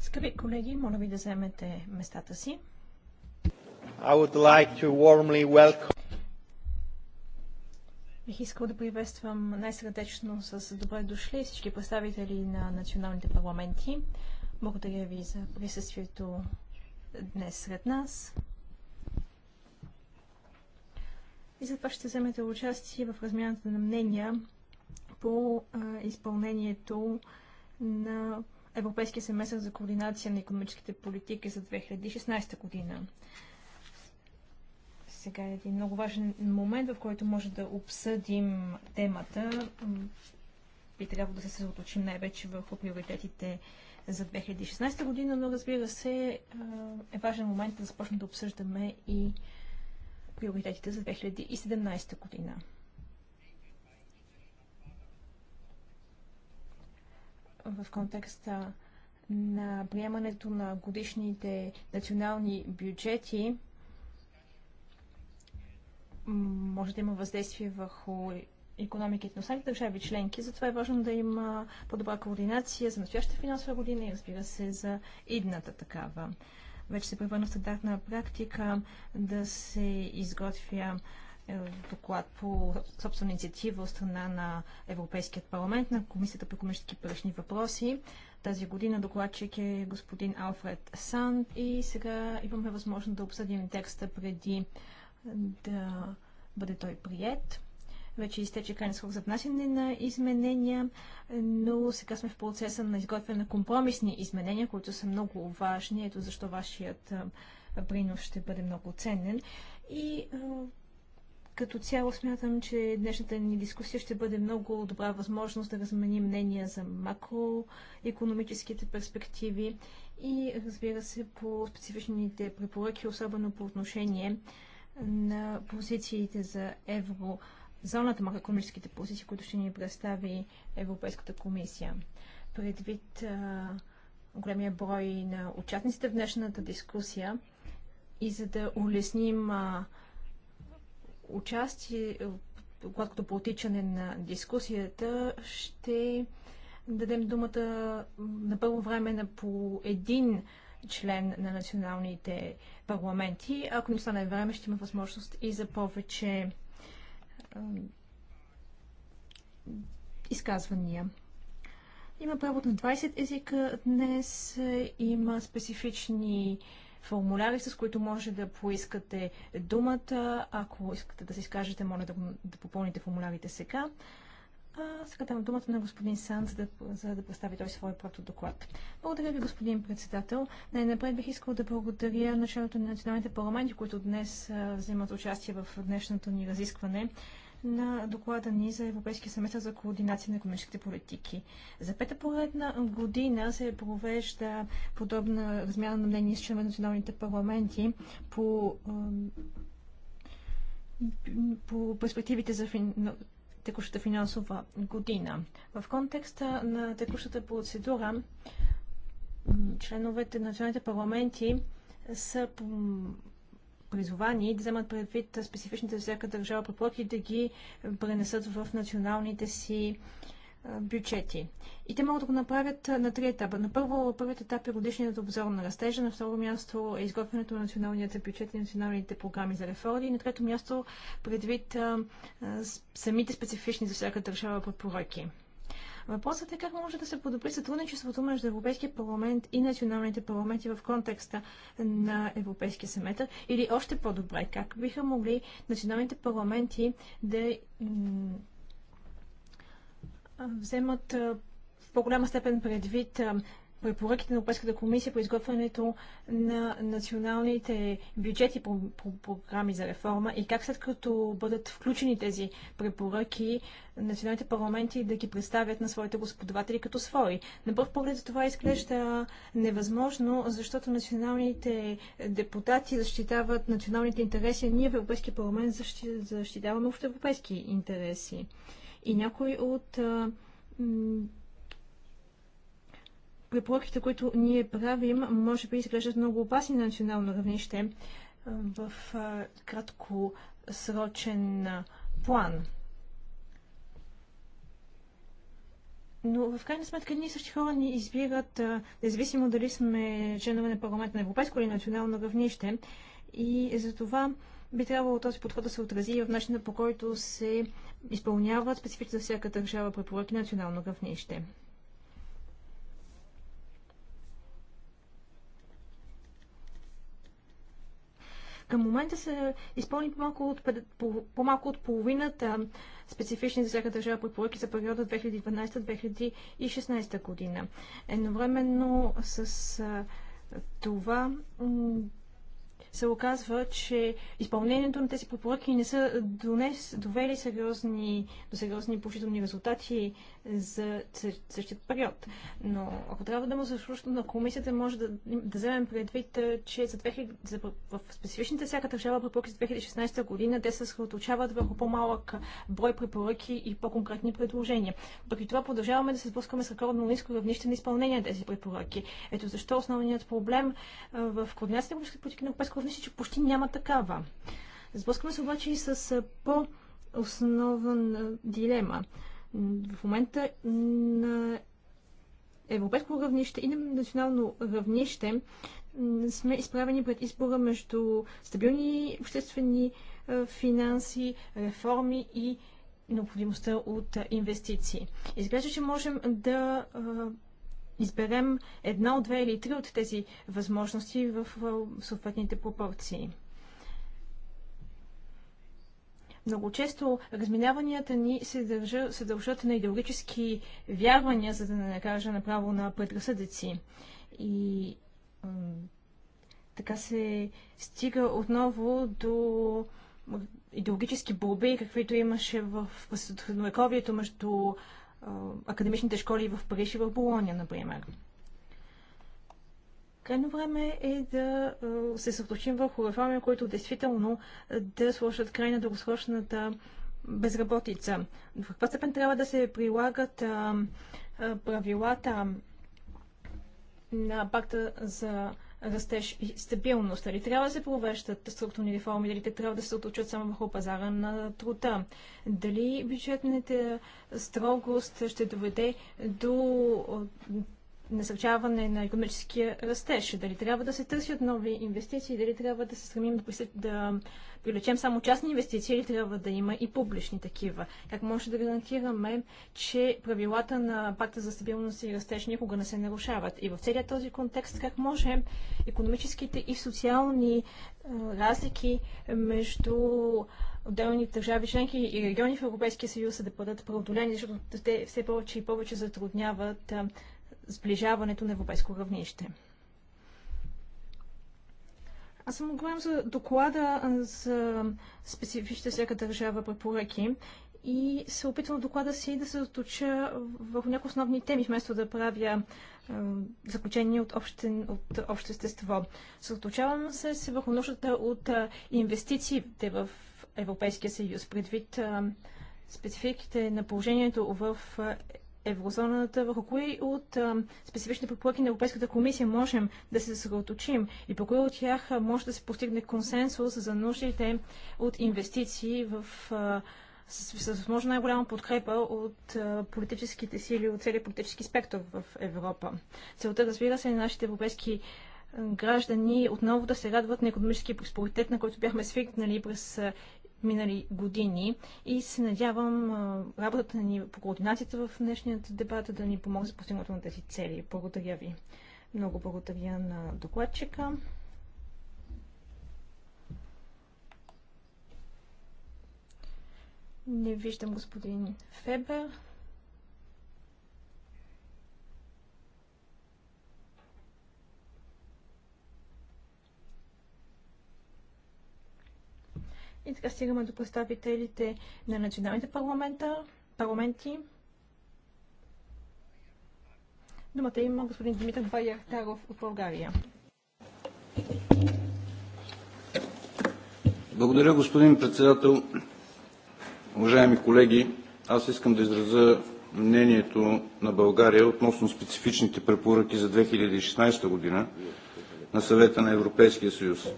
Скъпи колеги, моля ви да вземете местата си. I would like to warmly welcome... Бих искал да приветствам най-сърдечно с добре дошли всички представители на националните парламенти. Благодаря ви за присъствието днес сред нас. И за това ще вземете участие в размяната на мнения по изпълнението на Европейския семестър за координация на економическите политики за 2016 година. Сега е един много важен момент, в който може да обсъдим темата. Би трябвало да се съсредоточим най-вече върху приоритетите за 2016 година, но разбира се е важен момент да започнем да обсъждаме и приоритетите за 2017 година. в контекста на приемането на годишните национални бюджети може да има въздействие върху економиките на останалите държави членки. Затова е важно да има по-добра координация за настоящата финансова година и разбира се за идната такава. Вече се превърна в стандартна практика да се изготвя е, доклад по собствена инициатива от страна на Европейският парламент на Комисията по економически пръщни въпроси. Тази година докладчик е господин Алфред Санд и сега имаме възможност да обсъдим текста преди е, да бъде той прият. Вече изтече крайен срок за внасяне на изменения, но сега сме в процеса на изготвяне на компромисни изменения, които са много важни. Ето защо вашият е, принос ще бъде много ценен. И като цяло смятам, че днешната ни дискусия ще бъде много добра възможност да разменим мнения за макроекономическите перспективи и разбира се по специфичните препоръки, особено по отношение на позициите за евро, зоната макроекономическите позиции, които ще ни представи Европейската комисия. Предвид а, големия брой на участниците в днешната дискусия и за да улесним а, участие, когато по отичане на дискусията, ще дадем думата на първо време на по един член на националните парламенти. Ако не стане време, ще има възможност и за повече изказвания. Има превод на 20 езика днес, има специфични формуляри, с които може да поискате думата. Ако искате да се изкажете, моля да, да попълните формулярите сега. А, сега давам думата на господин Сан, за да, за да представи той своя прото доклад. Благодаря ви, господин председател. Най-напред бих искал да благодаря началото на националните парламенти, които днес а, вземат участие в днешното ни разискване на доклада ни за Европейския семестър за координация на економическите политики. За пета поредна година се провежда подобна размяна на мнение с членове на националните парламенти по, по перспективите за фин текущата финансова година. В контекста на текущата процедура, членовете на националните парламенти са призовани да вземат предвид специфичните за всяка държава препоръки и да ги пренесат в националните си бюджети. И те могат да го направят на три етапа. На първо, първият етап е годишният обзор на растежа, на второ място е изготвянето на националният бюджет и националните програми за реформи и на трето място предвид а, а, самите специфични за всяка държава подпоръки. Въпросът е как може да се подобри сътрудничеството между Европейския парламент и националните парламенти в контекста на Европейския семетър или още по-добре, как биха могли националните парламенти да вземат в по-голяма степен предвид препоръките на Европейската комисия по изготвянето на националните бюджети по, по програми за реформа и как след като бъдат включени тези препоръки, националните парламенти да ги представят на своите господаватели като свои. На първ поглед това изглежда невъзможно, защото националните депутати защитават националните интереси, а ние в Европейския парламент защитаваме общоевропейски европейски интереси. И някои от препоръките, които ние правим, може би изглеждат много опасни на национално равнище в краткосрочен план. Но в крайна сметка ние същи хора ни избират, независимо дали сме членове на парламент на европейско или национално равнище. И за това би трябвало този подход да се отрази в начина по който се изпълняват специфично за всяка държава препоръки на национално равнище. Към момента са изпълни по-малко от, по, по-малко от половината специфични за всяка държава препоръки за периода 2012-2016 година. Едновременно с това се оказва, че изпълнението на тези препоръки не са донес, довели сериозни, до сериозни положителни резултати за същия период. Но ако трябва да му заслушам на комисията, може да, да вземем предвид, че за 2000, за, в специфичните всяка държава препоръки за 2016 година те се съсредоточават върху по-малък брой препоръки и по-конкретни предложения. Въпреки това продължаваме да се сблъскаме с рекордно ниско равнище на изпълнение на тези препоръки. Ето защо основният проблем в координацията на политика на Европейското мисля, че почти няма такава. Сблъскваме се обаче и с по основен дилема. В момента на европейско равнище и на национално равнище сме изправени пред избора между стабилни обществени финанси, реформи и необходимостта от инвестиции. Изглежда, че можем да изберем една, две или три от тези възможности в съответните пропорции. Много често разминаванията ни се, държа, се дължат на идеологически вярвания, за да не кажа направо на предразсъдъци. И така се стига отново до идеологически борби, каквито имаше в средновековието между академичните школи в Париж и в Болония, например. Крайно време е да се съсредоточим върху реформи, които действително да сложат край на дългосрочната безработица. В каква степен трябва да се прилагат правилата на пакта за растеж и стабилност? Дали трябва да се провеждат структурни реформи? Дали те трябва да се отучат само върху пазара на труда? Дали бюджетната строгост ще доведе до насърчаване на економическия растеж, дали трябва да се търсят нови инвестиции, дали трябва да се стремим да, да привлечем само частни инвестиции или трябва да има и публични такива. Как може да гарантираме, че правилата на пакта за стабилност и растеж никога не се нарушават? И в целият този контекст как може економическите и социални разлики между отделни държави членки и региони в Европейския съюз да бъдат преодолени, защото те все повече и повече затрудняват сближаването на европейско равнище. Аз съм говорим за доклада за специфичните всяка държава препоръки и се опитвам в доклада си да се заточа върху някои основни теми, вместо да правя е, заключения от, обще от общо естество. Съточавам се, се върху нуждата от е, инвестициите в Европейския съюз, предвид е, спецификите на положението в еврозоната, върху кои от специфичните препоръки на Европейската комисия можем да се съсредоточим и по кои от тях може да се постигне консенсус за нуждите от инвестиции в а, с възможно най-голяма подкрепа от политическите сили, от целият политически спектър в Европа. Целта, разбира се, нашите европейски граждани е отново да се радват на економически просперитет, на който бяхме свикнали през минали години и се надявам работата ни по координацията в днешният дебат да ни помогне за постигането на тези цели. Благодаря ви. Много благодаря на докладчика. Не виждам господин Фебер. И така стигаме до представителите на националните парламента, парламенти. Думата има господин Димитър Баяхтаров от България. Благодаря, господин председател. Уважаеми колеги, аз искам да изразя мнението на България относно специфичните препоръки за 2016 година на Съвета на Европейския съюз.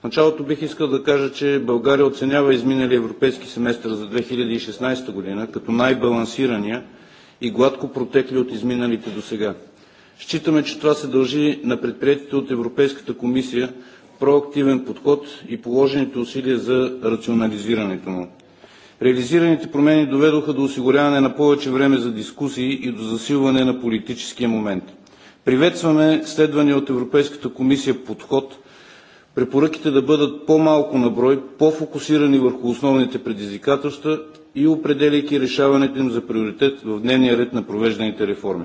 В началото бих искал да кажа, че България оценява изминали европейски семестър за 2016 година като най-балансирания и гладко протекли от изминалите до сега. Считаме, че това се дължи на предприятите от Европейската комисия проактивен подход и положените усилия за рационализирането му. Реализираните промени доведоха до осигуряване на повече време за дискусии и до засилване на политическия момент. Приветстваме следвания от Европейската комисия подход – препоръките да бъдат по-малко на брой, по-фокусирани върху основните предизвикателства и определяйки решаването им за приоритет в дневния ред на провежданите реформи.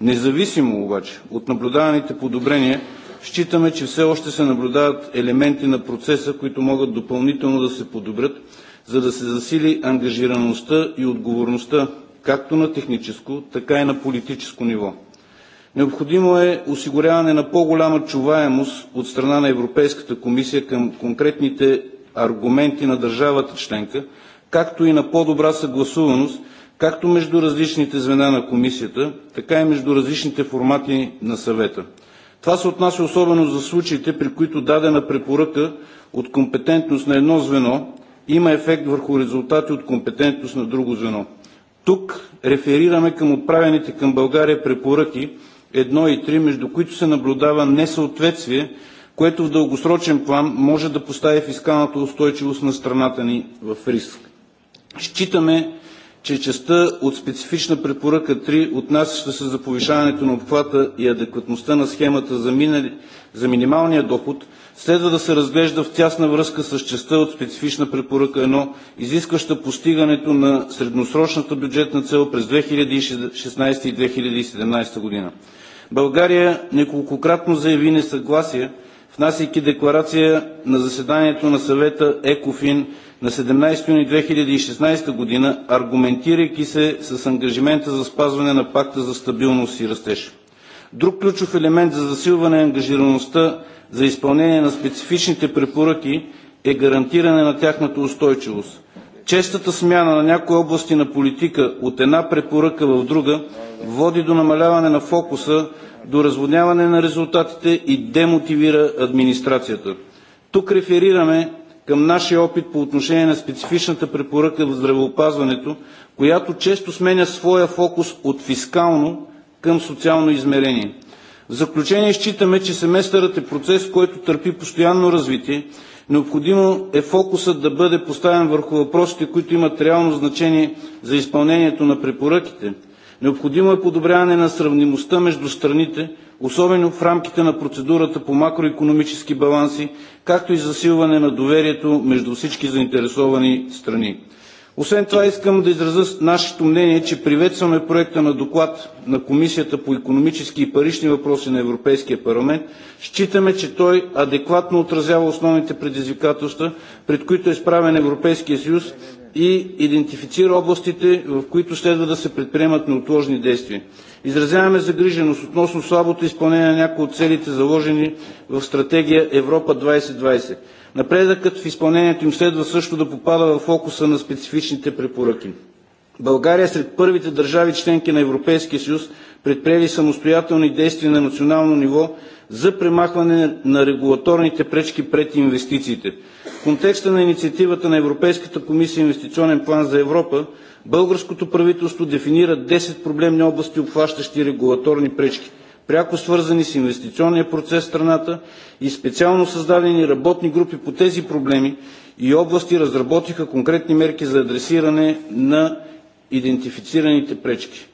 Независимо обаче от наблюдаваните подобрения, считаме, че все още се наблюдават елементи на процеса, които могат допълнително да се подобрят, за да се засили ангажираността и отговорността както на техническо, така и на политическо ниво. Необходимо е осигуряване на по-голяма чуваемост от страна на Европейската комисия към конкретните аргументи на държавата членка, както и на по-добра съгласуваност както между различните звена на комисията, така и между различните формати на съвета. Това се отнася особено за случаите, при които дадена препоръка от компетентност на едно звено има ефект върху резултати от компетентност на друго звено. Тук реферираме към отправените към България препоръки 1 и 3, между които се наблюдава несъответствие, което в дългосрочен план може да постави фискалната устойчивост на страната ни в риск. Считаме, че частта от специфична препоръка 3, отнасяща се за повишаването на обхвата и адекватността на схемата за минималния доход, следва да се разглежда в тясна връзка с частта от специфична препоръка 1, изискваща постигането на средносрочната бюджетна цел през 2016 и 2017 г. България неколкократно заяви несъгласие, внасяйки декларация на заседанието на Съвета ЕКОФИН на 17 юни 2016 г., аргументирайки се с ангажимента за спазване на Пакта за стабилност и растеж. Друг ключов елемент за засилване ангажираността за изпълнение на специфичните препоръки е гарантиране на тяхната устойчивост. Честата смяна на някои области на политика от една препоръка в друга води до намаляване на фокуса, до разводняване на резултатите и демотивира администрацията. Тук реферираме към нашия опит по отношение на специфичната препоръка в здравеопазването, която често сменя своя фокус от фискално към социално измерение. В заключение считаме, че семестърът е процес, който търпи постоянно развитие. Необходимо е фокусът да бъде поставен върху въпросите, които имат реално значение за изпълнението на препоръките. Необходимо е подобряване на сравнимостта между страните, особено в рамките на процедурата по макроекономически баланси, както и засилване на доверието между всички заинтересовани страни. Освен това искам да изразя нашето мнение, че приветстваме проекта на доклад на Комисията по економически и парични въпроси на Европейския парламент. Считаме, че той адекватно отразява основните предизвикателства, пред които е изправен Европейския съюз и идентифицира областите, в които следва да се предприемат неотложни действия. Изразяваме загриженост относно слабото изпълнение на някои от целите, заложени в стратегия Европа 2020. Напредъкът в изпълнението им следва също да попада в фокуса на специфичните препоръки. България е сред първите държави – членки на Европейския съюз, предприели самостоятелни действия на национално ниво за премахване на регулаторните пречки пред инвестициите. В контекста на инициативата на Европейската комисия Инвестиционен план за Европа, българското правителство дефинира 10 проблемни области, обхващащи регулаторни пречки пряко свързани с инвестиционния процес в страната и специално създадени работни групи по тези проблеми и области разработиха конкретни мерки за адресиране на идентифицираните пречки.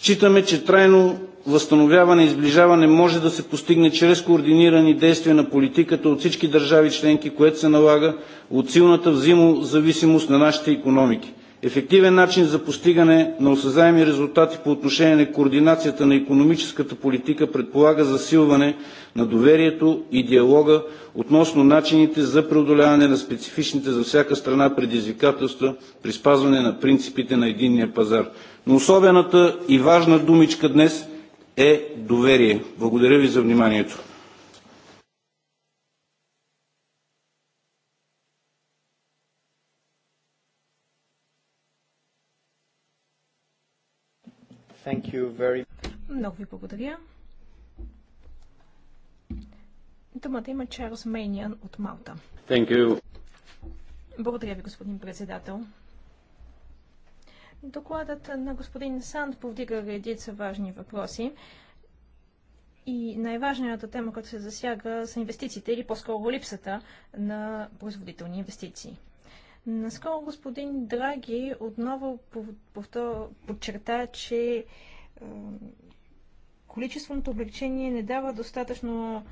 Считаме, че трайно възстановяване и сближаване може да се постигне чрез координирани действия на политиката от всички държави членки, което се налага от силната взаимозависимост на нашите икономики. Ефективен начин за постигане на осезаеми резултати по отношение на координацията на икономическата политика предполага засилване на доверието и диалога относно начините за преодоляване на специфичните за всяка страна предизвикателства при спазване на принципите на единния пазар. Но особената и важна думичка днес е доверие. Благодаря ви за вниманието. Thank you very... Много ви благодаря. Думата има Чарлз Мейниан от Малта. Thank you. Благодаря ви, господин председател. Докладът на господин Санд повдига редица важни въпроси. И най-важната тема, която се засяга, са инвестициите или по-скоро липсата на производителни инвестиции. Наскоро господин Драги отново подчерта, че количественото облегчение не дава достатъчно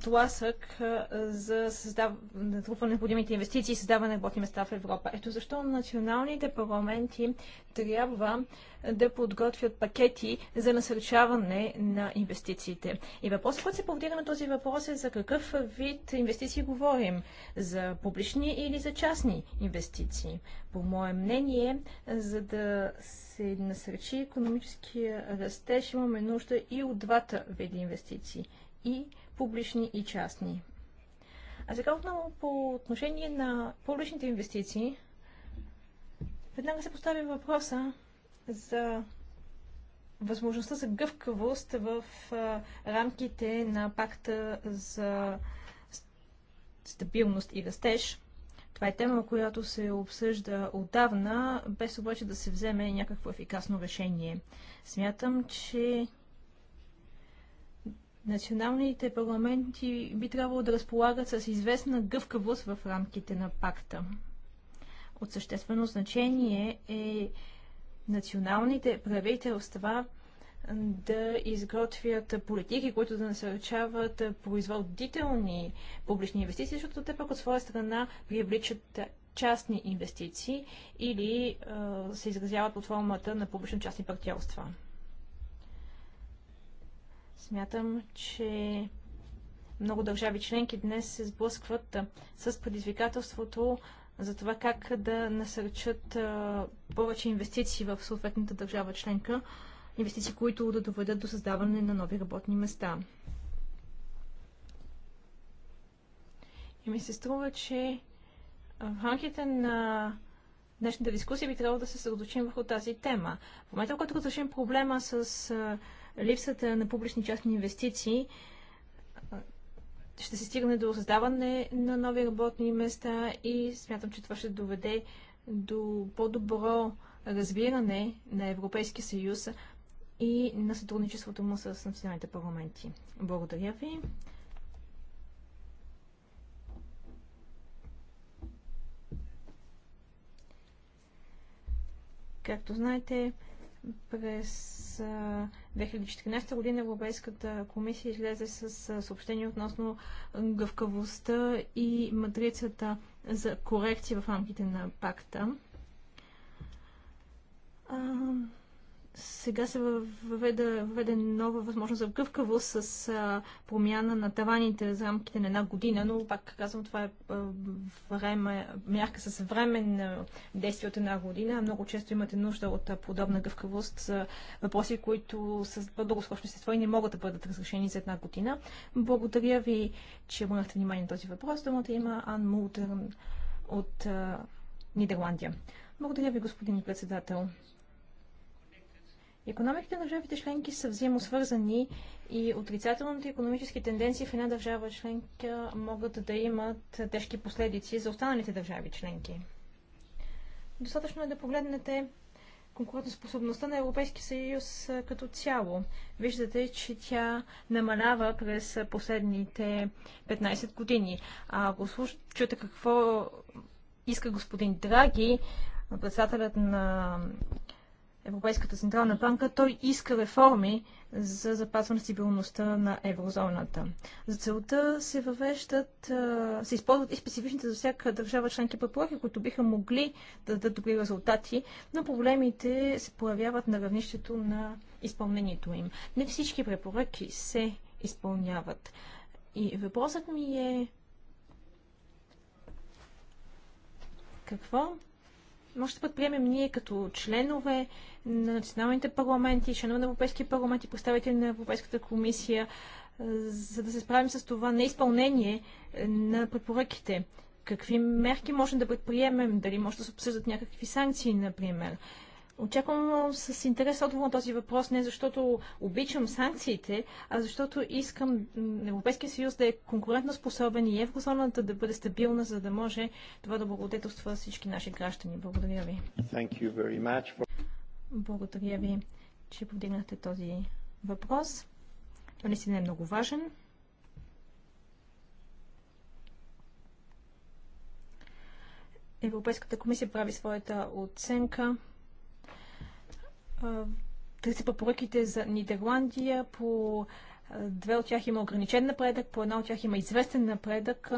тласък за създав... натрупване на необходимите инвестиции и създаване на работни места в Европа. Ето защо националните парламенти трябва да подготвят пакети за насърчаване на инвестициите. И въпросът, който се повдига на този въпрос е за какъв вид инвестиции говорим? За публични или за частни инвестиции? По мое мнение, за да се насърчи економическия растеж, имаме нужда и от двата вида инвестиции. И публични и частни. А сега отново по отношение на публичните инвестиции, веднага се поставя въпроса за възможността за гъвкавост в а, рамките на пакта за стабилност и растеж. Това е тема, която се обсъжда отдавна, без обаче да се вземе някакво ефикасно решение. Смятам, че националните парламенти би трябвало да разполагат с известна гъвкавост в рамките на пакта. От съществено значение е националните правителства да изготвят политики, които да насърчават производителни публични инвестиции, защото те пък от своя страна привличат частни инвестиции или се изразяват под формата на публично-частни партньорства. Смятам, че много държави членки днес се сблъскват с предизвикателството за това как да насърчат повече инвестиции в съответната държава членка, инвестиции, които да доведат до създаване на нови работни места. И ми се струва, че в рамките на днешната дискусия би трябвало да се съсредоточим върху тази тема. В момента, когато разрешим проблема с липсата на публични частни инвестиции ще се стигне до създаване на нови работни места и смятам, че това ще доведе до по-добро разбиране на Европейския съюз и на сътрудничеството му с националните парламенти. Благодаря ви. Както знаете, през 2014 година Европейската комисия излезе с съобщение относно гъвкавостта и матрицата за корекции в рамките на пакта. Сега се въведе, въведе нова възможност за гъвкавост с а, промяна на таваните за рамките на една година, но пак казвам, това е а, време, мярка с временно действие от една година. Много често имате нужда от а, подобна гъвкавост за въпроси, които са дългосрочно естество и не могат да бъдат разрешени за една година. Благодаря ви, че обърнахте внимание на този въпрос. Думата има Ан Мултерн от а, Нидерландия. Благодаря ви, господин председател. Економиките на държавите членки са взаимосвързани и отрицателните економически тенденции в една държава членка могат да имат тежки последици за останалите държави членки. Достатъчно е да погледнете конкурентоспособността на Европейския съюз като цяло. Виждате, че тя намалява през последните 15 години. А ако слушате какво иска господин Драги, председателят на Европейската централна банка, той иска реформи за запазване стабилността на еврозоната. За целта се въвеждат, се използват и специфичните за всяка държава членки препоръки, които биха могли да дадат добри резултати, но проблемите се появяват на равнището на изпълнението им. Не всички препоръки се изпълняват. И въпросът ми е какво може да предприемем ние като членове на националните парламенти, членове на Европейския парламент и представители на Европейската комисия, за да се справим с това неизпълнение на препоръките? Какви мерки можем да предприемем? Дали може да се обсъждат някакви санкции, например? Очаквам с интерес отговор на този въпрос, не защото обичам санкциите, а защото искам Европейския съюз да е конкурентно способен и еврозоната да бъде стабилна, за да може това да благодетелства всички наши граждани. Благодаря ви. For... Благодаря ви, че повдигнахте този въпрос. Той наистина е много важен. Европейската комисия прави своята оценка търси препоръките за Нидерландия. По две от тях има ограничен напредък, по една от тях има известен напредък.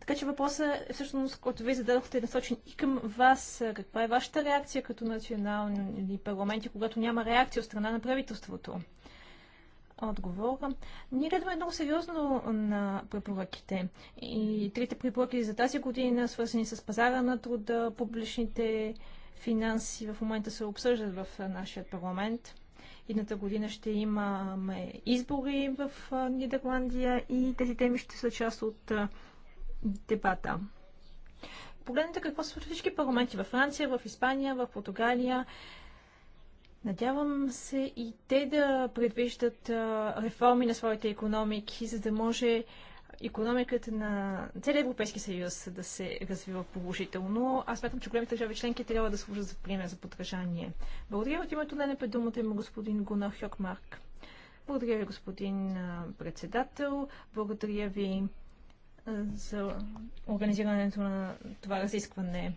Така че въпросът е всъщност, който вие зададохте, е насочен и към вас. Каква е вашата реакция като национални парламенти, когато няма реакция от страна на правителството? Отговор. Ние гледаме много сериозно на препоръките. И трите препоръки за тази година, свързани с пазара на труда, публичните финанси в момента се обсъждат в нашия парламент. Едната година ще имаме избори в Нидерландия и тези теми ще са част от дебата. Погледнете какво са всички парламенти във Франция, в Испания, в Португалия. Надявам се и те да предвиждат реформи на своите економики, за да може економиката на целия Европейски съюз да се развива положително. Аз смятам, че големите държави членки трябва да служат за пример за подражание. Благодаря от името на НП думата има господин Гуна Хьокмарк. Благодаря ви, господин председател. Благодаря ви за организирането на това разискване.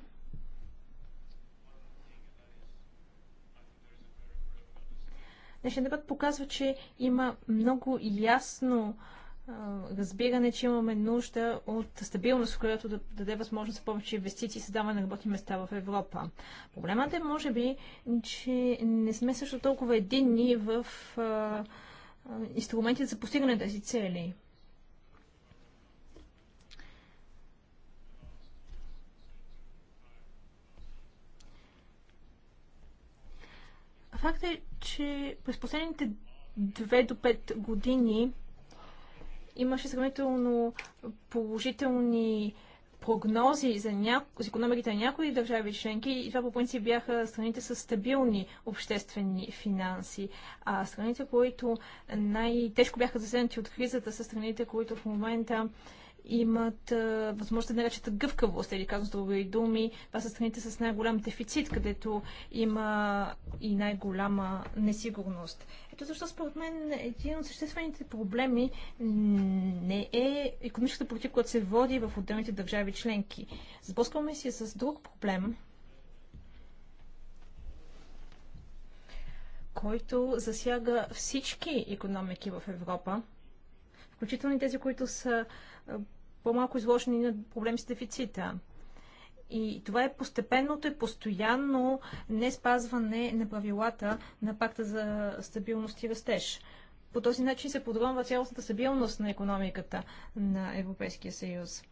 Днешният дебат показва, че има много ясно разбиране, че имаме нужда от стабилност, която да даде възможност за повече инвестиции и създаване на работни места в Европа. Проблемът е, може би, че не сме също толкова единни в а, инструментите за постигане на тези цели. Факт е, че през последните 2 до 5 години Имаше сравнително положителни прогнози за, няко... за економиките на някои държави членки и това по принцип бяха страните с стабилни обществени финанси. А страните, които най-тежко бяха засегнати от кризата, са страните, които в момента имат а, възможност да наречат гъвкавост, или казвам с други думи, това са страните с най-голям дефицит, където има и най-голяма несигурност. Ето защо според мен един от съществените проблеми не е економическата политика, която се води в отделните държави членки. Сблъскваме се с друг проблем, който засяга всички економики в Европа, включително и тези, които са по-малко изложени на проблеми с дефицита. И това е постепенното и постоянно не спазване на правилата на пакта за стабилност и растеж. По този начин се подронва цялостната стабилност на економиката на Европейския съюз.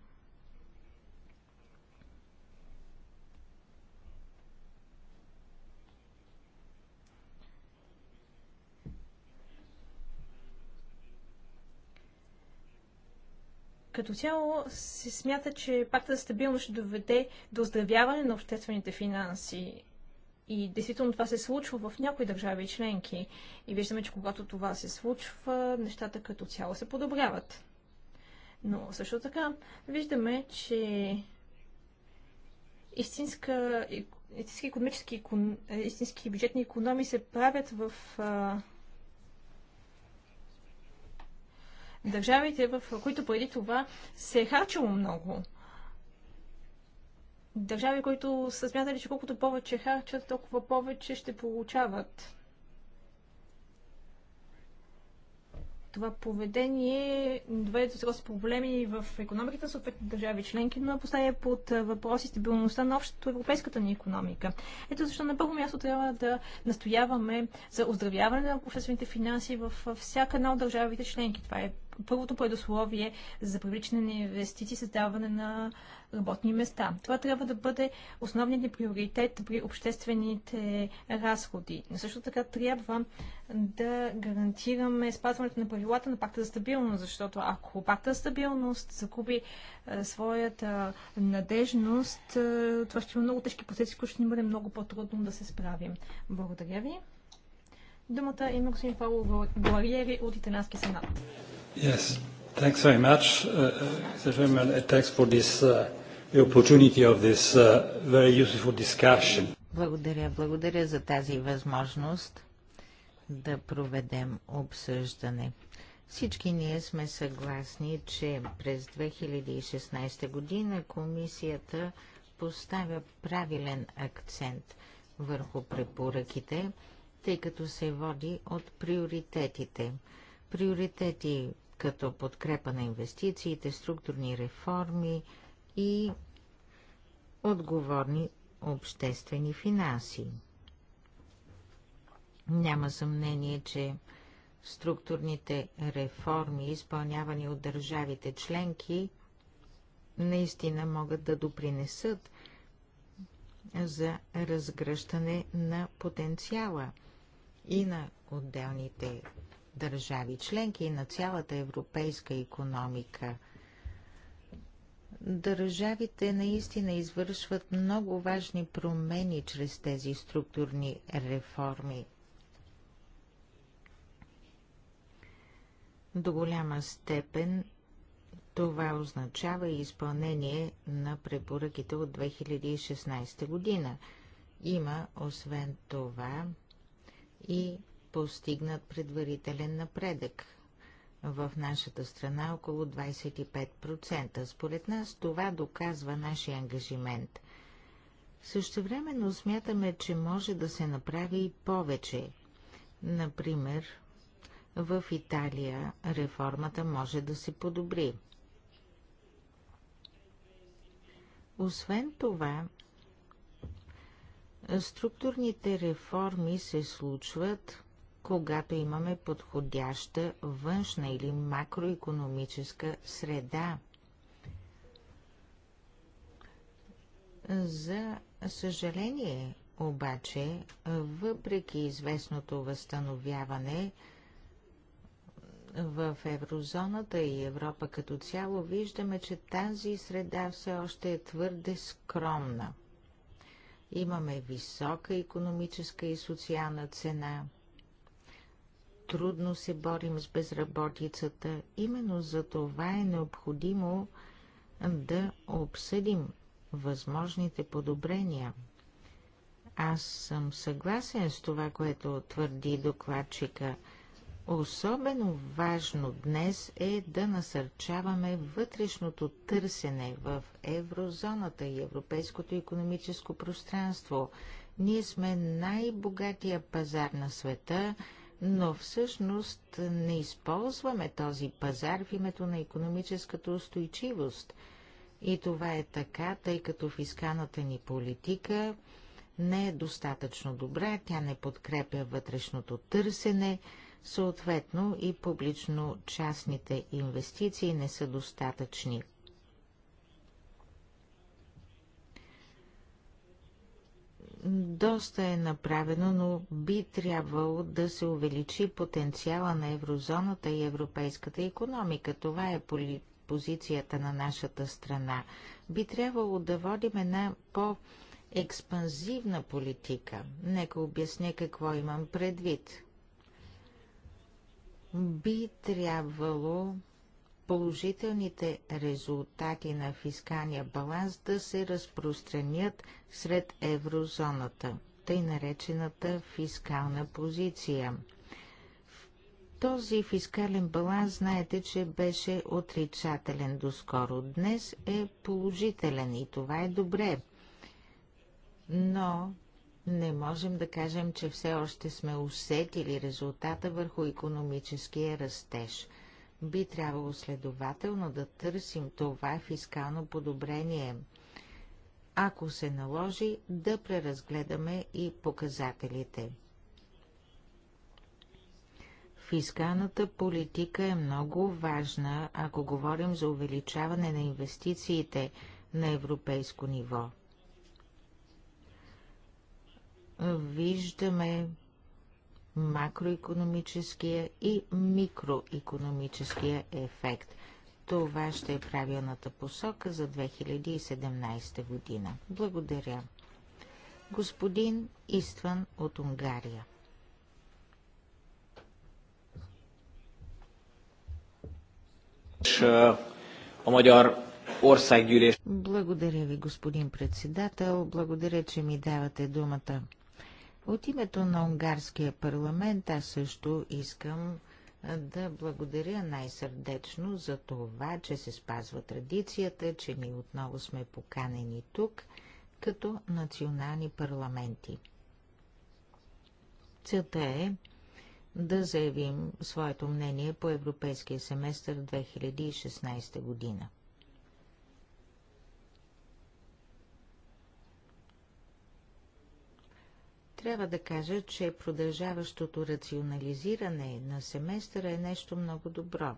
Като цяло се смята, че пакта за стабилност ще доведе до оздравяване на обществените финанси. И действително това се случва в някои държави и членки. И виждаме, че когато това се случва, нещата като цяло се подобряват. Но също така виждаме, че истинска, истински, економически, истински бюджетни економии се правят в държавите, в които преди това се е харчило много. Държави, които са смятали, че колкото повече харчат, толкова повече ще получават. това поведение доведе до сериозни проблеми в економиката съответно държави членки, но поставя под въпроси стабилността на общото европейската ни економика. Ето защо на първо място трябва да настояваме за оздравяване на обществените финанси в всяка една от държавите членки. Това е първото предусловие за привличане на инвестиции, създаване на работни места. Това трябва да бъде основният ни приоритет при обществените разходи. Но също така трябва да гарантираме спазването на правилата на пакта за стабилност, защото ако пакта за стабилност загуби е, своята надежност, е, това ще има много тежки процеси, които ще ни бъде много по-трудно да се справим. Благодаря ви. Думата има господин Павло Гуариери от Италиански сенат. Yes, thanks very much, Mr. Uh, uh, Chairman, and uh, thanks for this uh, opportunity of this uh, very useful discussion. Благодаря, благодаря за тази възможност да проведем обсъждане. Всички ние сме съгласни, че през 2016 година комисията поставя правилен акцент върху препоръките, тъй като се води от приоритетите. Приоритети като подкрепа на инвестициите, структурни реформи и отговорни обществени финанси. Няма съмнение, че структурните реформи, изпълнявани от държавите членки, наистина могат да допринесат за разгръщане на потенциала и на отделните държави членки на цялата европейска економика. Държавите наистина извършват много важни промени чрез тези структурни реформи. До голяма степен това означава и изпълнение на препоръките от 2016 година. Има, освен това, и постигнат предварителен напредък в нашата страна около 25%. Според нас това доказва нашия ангажимент. Същевременно смятаме, че може да се направи и повече. Например, в Италия реформата може да се подобри. Освен това, структурните реформи се случват когато имаме подходяща външна или макроекономическа среда. За съжаление, обаче, въпреки известното възстановяване в еврозоната и Европа като цяло, виждаме, че тази среда все още е твърде скромна. Имаме висока економическа и социална цена – трудно се борим с безработицата. Именно за това е необходимо да обсъдим възможните подобрения. Аз съм съгласен с това, което твърди докладчика. Особено важно днес е да насърчаваме вътрешното търсене в еврозоната и европейското економическо пространство. Ние сме най-богатия пазар на света – но всъщност не използваме този пазар в името на економическата устойчивост. И това е така, тъй като фискалната ни политика не е достатъчно добра, тя не подкрепя вътрешното търсене, съответно и публично-частните инвестиции не са достатъчни. Доста е направено, но би трябвало да се увеличи потенциала на еврозоната и европейската економика. Това е поли... позицията на нашата страна. Би трябвало да водим една по- експанзивна политика. Нека обясня какво имам предвид. Би трябвало положителните резултати на фискалния баланс да се разпространят сред еврозоната, тъй наречената фискална позиция. Този фискален баланс, знаете, че беше отрицателен доскоро. Днес е положителен и това е добре. Но не можем да кажем, че все още сме усетили резултата върху економическия растеж – би трябвало следователно да търсим това фискално подобрение. Ако се наложи, да преразгледаме и показателите. Фискалната политика е много важна, ако говорим за увеличаване на инвестициите на европейско ниво. Виждаме макроекономическия и микроекономическия ефект. Това ще е правилната посока за 2017 година. Благодаря. Господин Истван от Унгария. Благодаря ви, господин председател. Благодаря, че ми давате думата. От името на унгарския парламент аз също искам да благодаря най-сърдечно за това, че се спазва традицията, че ни отново сме поканени тук като национални парламенти. Целта е да заявим своето мнение по Европейския семестър 2016 година. Трябва да кажа, че продължаващото рационализиране на семестъра е нещо много добро.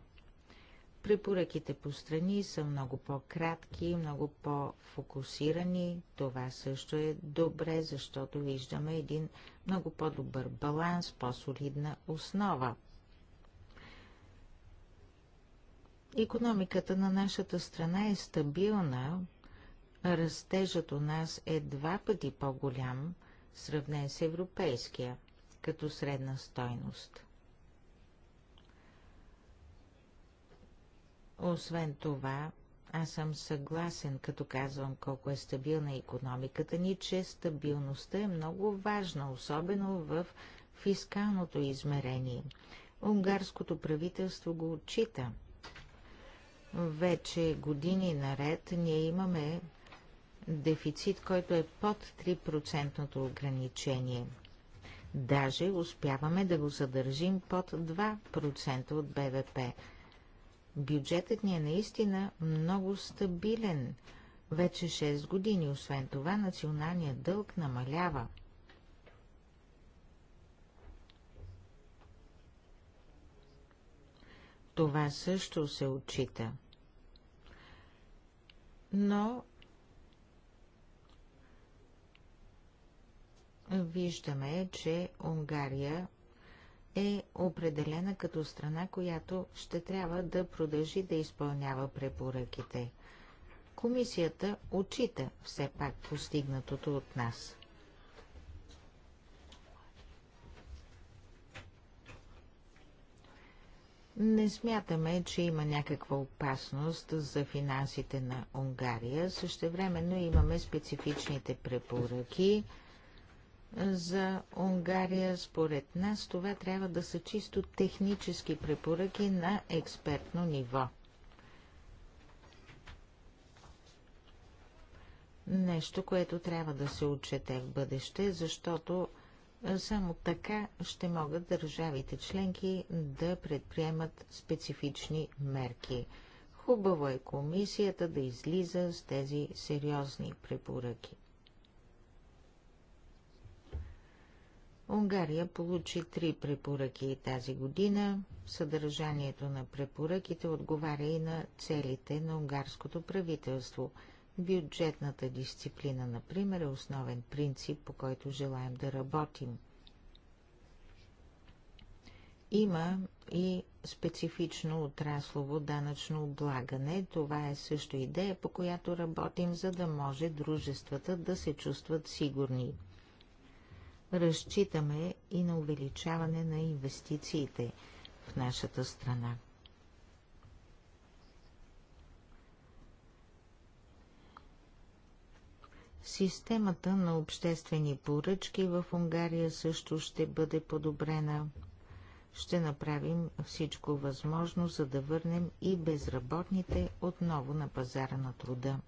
Препоръките по страни са много по-кратки, много по-фокусирани. Това също е добре, защото виждаме един много по-добър баланс, по-солидна основа. Економиката на нашата страна е стабилна, растежът у нас е два пъти по-голям сравнен с европейския, като средна стойност. Освен това, аз съм съгласен, като казвам колко е стабилна економиката ни, че стабилността е много важна, особено в фискалното измерение. Унгарското правителство го отчита. Вече години наред ние имаме дефицит, който е под 3 ограничение. Даже успяваме да го задържим под 2% от БВП. Бюджетът ни е наистина много стабилен. Вече 6 години, освен това, националният дълг намалява. Това също се отчита. Но виждаме, че Унгария е определена като страна, която ще трябва да продължи да изпълнява препоръките. Комисията отчита все пак постигнатото от нас. Не смятаме, че има някаква опасност за финансите на Унгария. Същевременно имаме специфичните препоръки – за Унгария. Според нас това трябва да са чисто технически препоръки на експертно ниво. Нещо, което трябва да се отчете в бъдеще, защото само така ще могат държавите членки да предприемат специфични мерки. Хубаво е комисията да излиза с тези сериозни препоръки. Унгария получи три препоръки тази година. Съдържанието на препоръките отговаря и на целите на унгарското правителство. Бюджетната дисциплина, например, е основен принцип, по който желаем да работим. Има и специфично отраслово данъчно облагане. Това е също идея, по която работим, за да може дружествата да се чувстват сигурни – разчитаме и на увеличаване на инвестициите в нашата страна. Системата на обществени поръчки в Унгария също ще бъде подобрена. Ще направим всичко възможно, за да върнем и безработните отново на пазара на труда.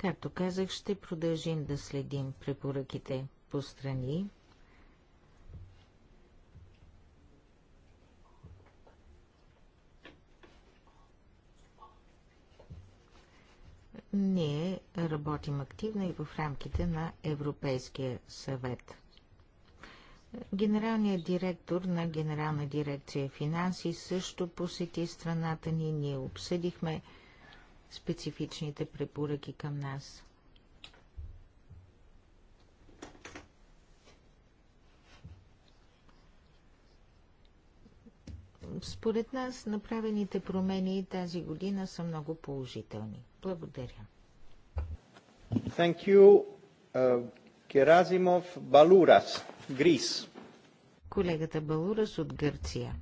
Както казах, ще продължим да следим препоръките по страни. Ние работим активно и в рамките на Европейския съвет. Генералният директор на Генерална дирекция финанси също посети страната ни. Ние обсъдихме специфичните препоръки към нас. Според нас направените промени тази година са много положителни. Благодаря. Thank you. Керазимов Балурас, Грис. Колегата Балурас от Гърция.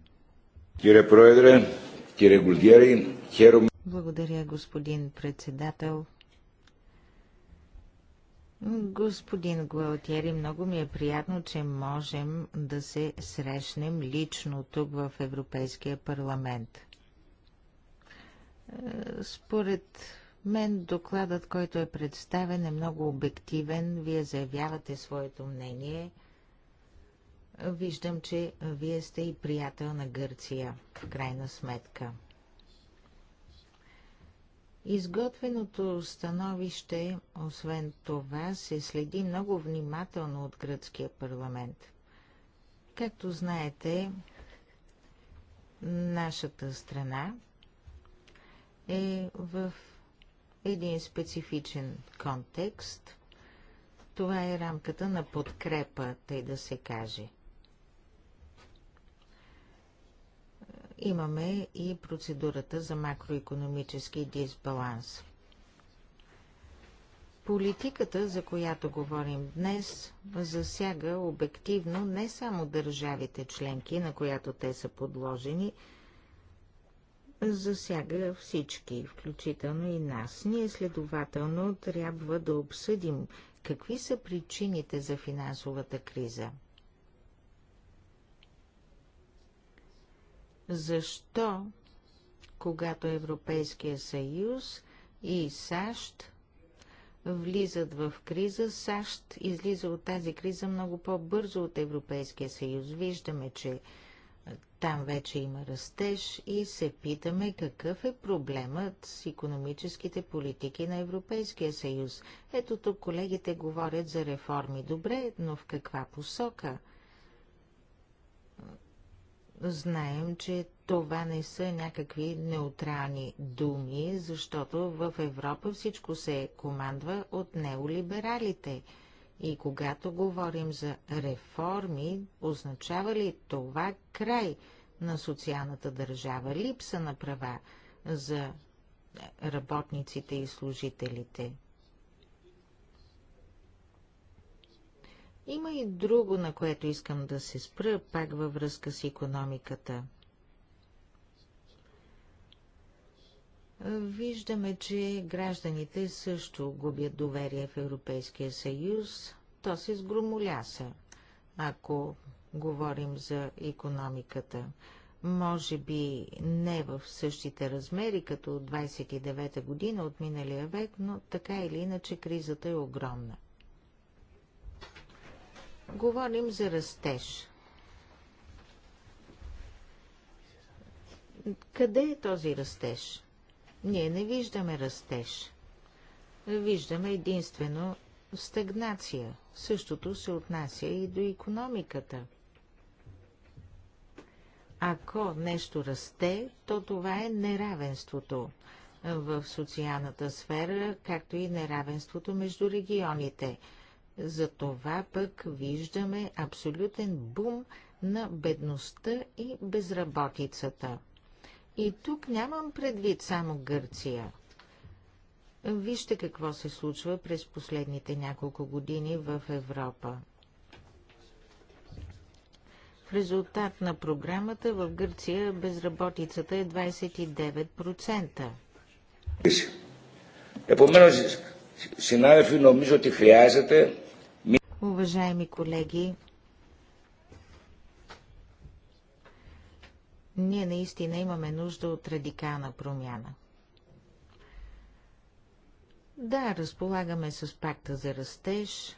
Кире Проедре, кире Гулгери, χαίρομαι благодаря, господин председател. Господин Гуалтери, много ми е приятно, че можем да се срещнем лично тук в Европейския парламент. Е, според мен докладът, който е представен, е много обективен. Вие заявявате своето мнение. Виждам, че вие сте и приятел на Гърция, в крайна сметка. Изготвеното становище, освен това, се следи много внимателно от гръцкия парламент. Както знаете, нашата страна е в един специфичен контекст. Това е рамката на подкрепа, тъй да се каже – имаме и процедурата за макроекономически дисбаланс. Политиката, за която говорим днес, засяга обективно не само държавите членки, на която те са подложени, засяга всички, включително и нас. Ние следователно трябва да обсъдим какви са причините за финансовата криза – защо, когато Европейския съюз и САЩ влизат в криза, САЩ излиза от тази криза много по-бързо от Европейския съюз. Виждаме, че там вече има растеж и се питаме какъв е проблемът с економическите политики на Европейския съюз. Ето тук колегите говорят за реформи. Добре, но в каква посока? Знаем, че това не са някакви неутрални думи, защото в Европа всичко се командва от неолибералите. И когато говорим за реформи, означава ли това край на социалната държава, липса на права за работниците и служителите? Има и друго, на което искам да се спра, пак във връзка с економиката. Виждаме, че гражданите също губят доверие в Европейския съюз. То се сгромоляса, ако говорим за економиката. Може би не в същите размери, като от 29-та година от миналия век, но така или иначе кризата е огромна. Говорим за растеж. Къде е този растеж? Ние не виждаме растеж. Виждаме единствено стагнация. Същото се отнася и до економиката. Ако нещо расте, то това е неравенството в социалната сфера, както и неравенството между регионите – за това пък виждаме абсолютен бум на бедността и безработицата. И тук нямам предвид само Гърция. Вижте какво се случва през последните няколко години в Европа. В резултат на програмата в Гърция безработицата е 29%. Επομένως, συνάδελφοι, νομίζω ότι χρειάζεται Уважаеми колеги, ние наистина имаме нужда от радикална промяна. Да, разполагаме с пакта за растеж.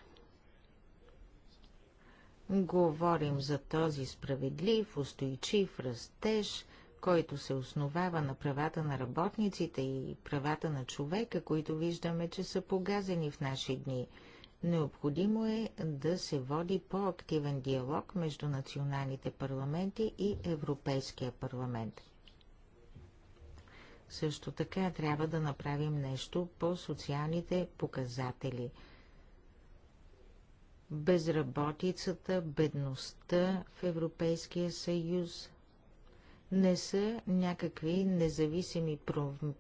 Говорим за този справедлив, устойчив растеж, който се основава на правата на работниците и правата на човека, които виждаме, че са погазени в наши дни – Необходимо е да се води по-активен диалог между националните парламенти и Европейския парламент. Също така трябва да направим нещо по социалните показатели. Безработицата, бедността в Европейския съюз не са някакви независими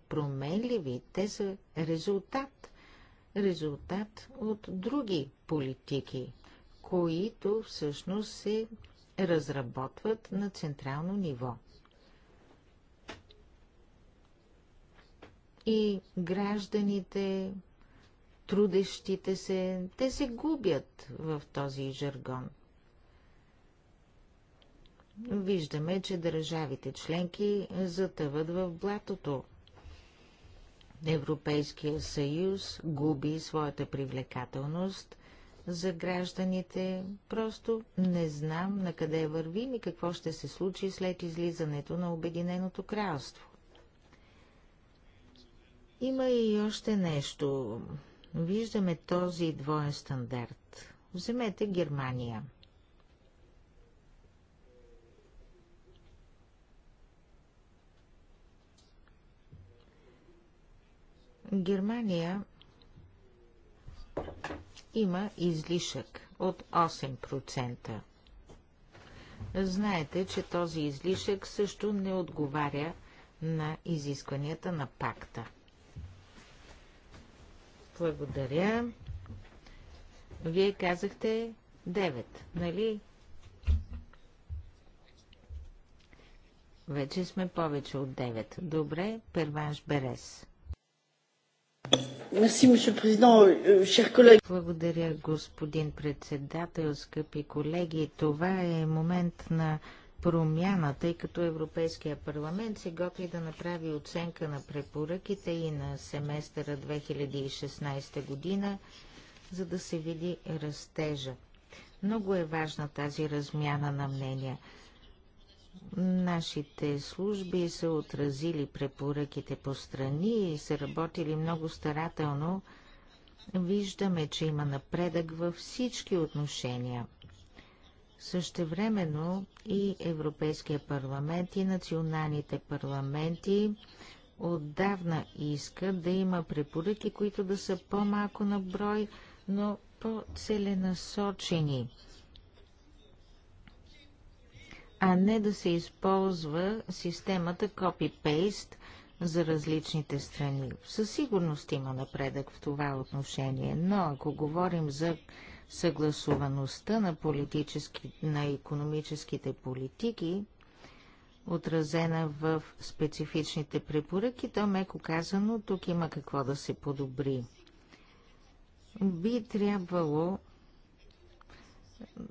променливи, те са резултат резултат от други политики, които всъщност се разработват на централно ниво. И гражданите, трудещите се, те се губят в този жаргон. Виждаме, че държавите членки затъват в блатото. Европейския съюз губи своята привлекателност за гражданите. Просто не знам на къде вървим и какво ще се случи след излизането на Обединеното кралство. Има и още нещо. Виждаме този двоен стандарт. Вземете Германия – Германия има излишък от 8%. Знаете, че този излишък също не отговаря на изискванията на пакта. Благодаря. Вие казахте 9, нали? Вече сме повече от 9. Добре, Перванш Берес. Euh, Благодаря, господин председател, скъпи колеги. Това е момент на промяна, тъй като Европейския парламент се готви да направи оценка на препоръките и на семестъра 2016 година, за да се види растежа. Много е важна тази размяна на мнения. Нашите служби са отразили препоръките по страни и са работили много старателно. Виждаме, че има напредък във всички отношения. Същевременно и Европейския парламент и националните парламенти отдавна искат да има препоръки, които да са по-малко на брой, но по-целенасочени а не да се използва системата copy-paste за различните страни. Със сигурност има напредък в това отношение, но ако говорим за съгласуваността на, политически, на економическите политики, отразена в специфичните препоръки, то меко казано тук има какво да се подобри. Би трябвало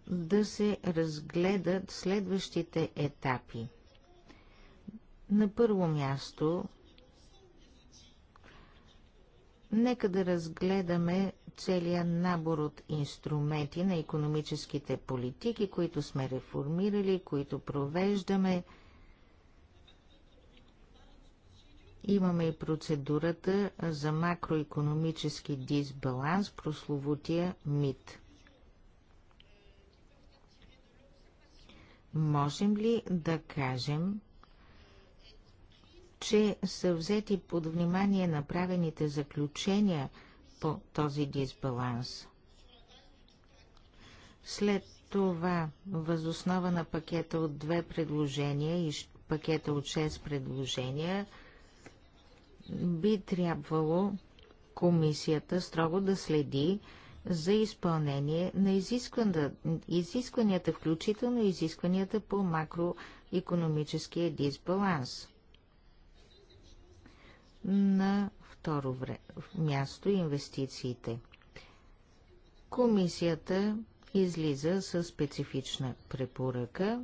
да се разгледат следващите етапи. На първо място, нека да разгледаме целия набор от инструменти на економическите политики, които сме реформирали, които провеждаме. Имаме и процедурата за макроекономически дисбаланс, прословутия МИД – Можем ли да кажем, че са взети под внимание направените заключения по този дисбаланс? След това, възоснова на пакета от две предложения и пакета от 6 предложения, би трябвало комисията строго да следи за изпълнение на изискванията, включително изискванията по макроекономическия дисбаланс. На второ място инвестициите. Комисията излиза със специфична препоръка,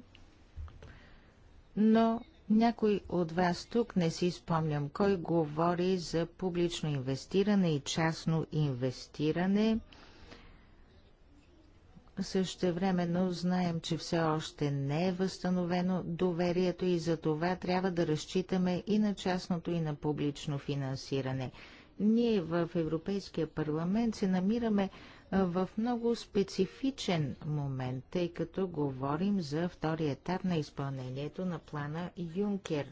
но някой от вас тук, не си спомням кой, говори за публично инвестиране и частно инвестиране – Същевременно знаем, че все още не е възстановено доверието и за това трябва да разчитаме и на частното и на публично финансиране. Ние в Европейския парламент се намираме в много специфичен момент, тъй като говорим за втори етап на изпълнението на плана Юнкер.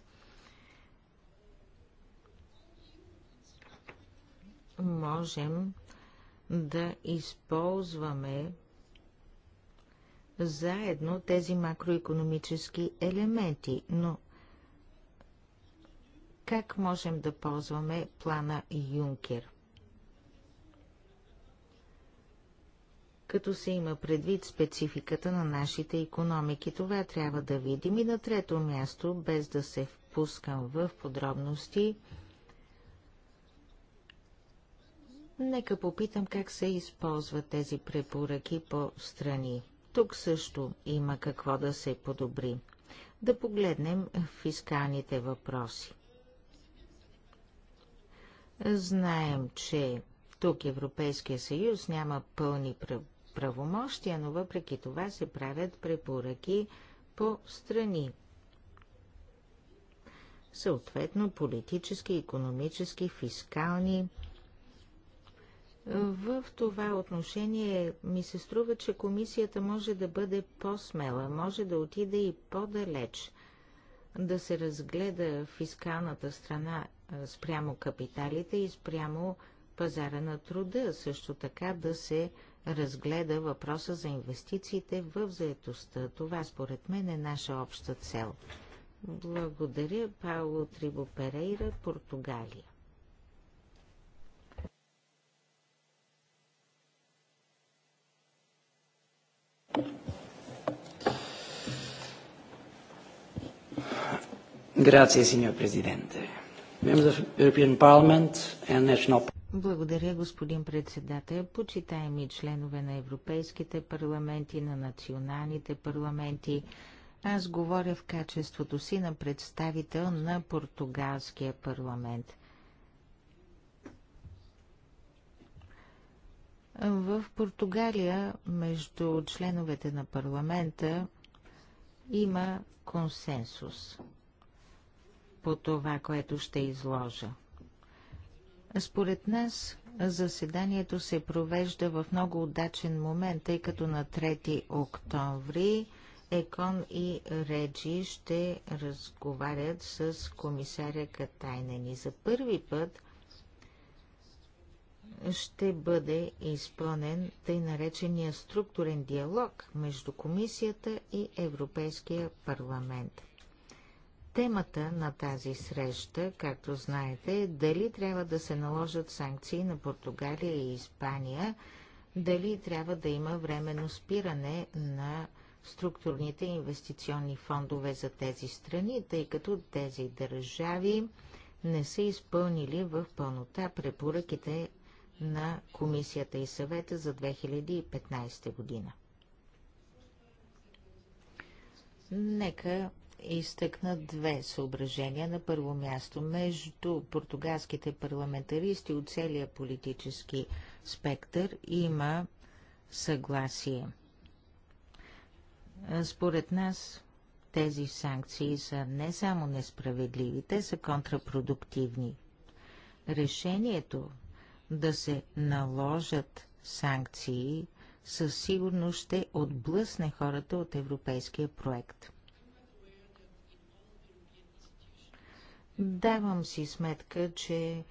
Можем да използваме заедно тези макроекономически елементи, но как можем да ползваме плана Юнкер? Като се има предвид спецификата на нашите економики, това трябва да видим и на трето място, без да се впускам в подробности, Нека попитам как се използват тези препоръки по страни. Тук също има какво да се подобри. Да погледнем фискалните въпроси. Знаем, че тук Европейския съюз няма пълни правомощия, но въпреки това се правят препоръки по страни. Съответно, политически, економически, фискални в това отношение ми се струва, че комисията може да бъде по-смела, може да отиде и по-далеч, да се разгледа фискалната страна спрямо капиталите и спрямо пазара на труда, също така да се разгледа въпроса за инвестициите в заетостта. Това според мен е наша обща цел. Благодаря, Пауло Трибо Перейра, Португалия. благодаря, господин председател. Почитаеми членове на европейските парламенти, на националните парламенти, аз говоря в качеството си на представител на португалския парламент. В Португалия между членовете на парламента има консенсус – по това, което ще изложа. Според нас заседанието се провежда в много удачен момент, тъй като на 3 октомври Екон и Реджи ще разговарят с комисаря Катайнен и за първи път ще бъде изпълнен тъй наречения структурен диалог между комисията и Европейския парламент. Темата на тази среща, както знаете, е дали трябва да се наложат санкции на Португалия и Испания, дали трябва да има временно спиране на структурните инвестиционни фондове за тези страни, тъй като тези държави не са изпълнили в пълнота препоръките на Комисията и съвета за 2015 година. Нека изтъкна две съображения. На първо място, между португалските парламентаристи от целия политически спектър има съгласие. Според нас тези санкции са не само несправедливи, те са контрапродуктивни. Решението да се наложат санкции със сигурност ще отблъсне хората от европейския проект. Давам си сметка, че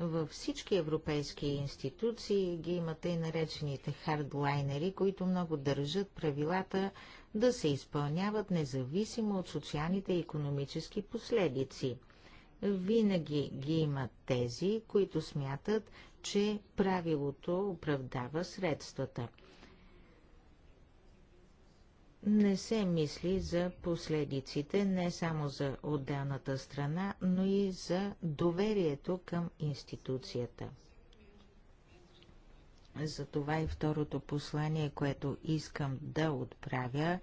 във всички европейски институции ги имате и наречените хардлайнери, които много държат правилата да се изпълняват независимо от социалните и економически последици. Винаги ги имат тези, които смятат, че правилото оправдава средствата – не се мисли за последиците не само за отделната страна, но и за доверието към институцията. Затова и второто послание, което искам да отправя,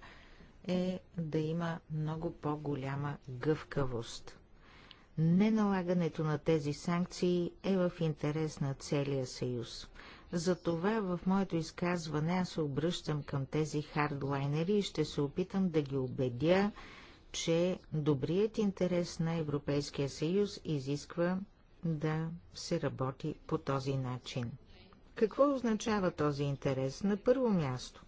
е да има много по-голяма гъвкавост. Неналагането на тези санкции е в интерес на целия съюз. Затова в моето изказване аз се обръщам към тези хардлайнери и ще се опитам да ги убедя, че добрият интерес на Европейския съюз изисква да се работи по този начин. Какво означава този интерес? На първо място,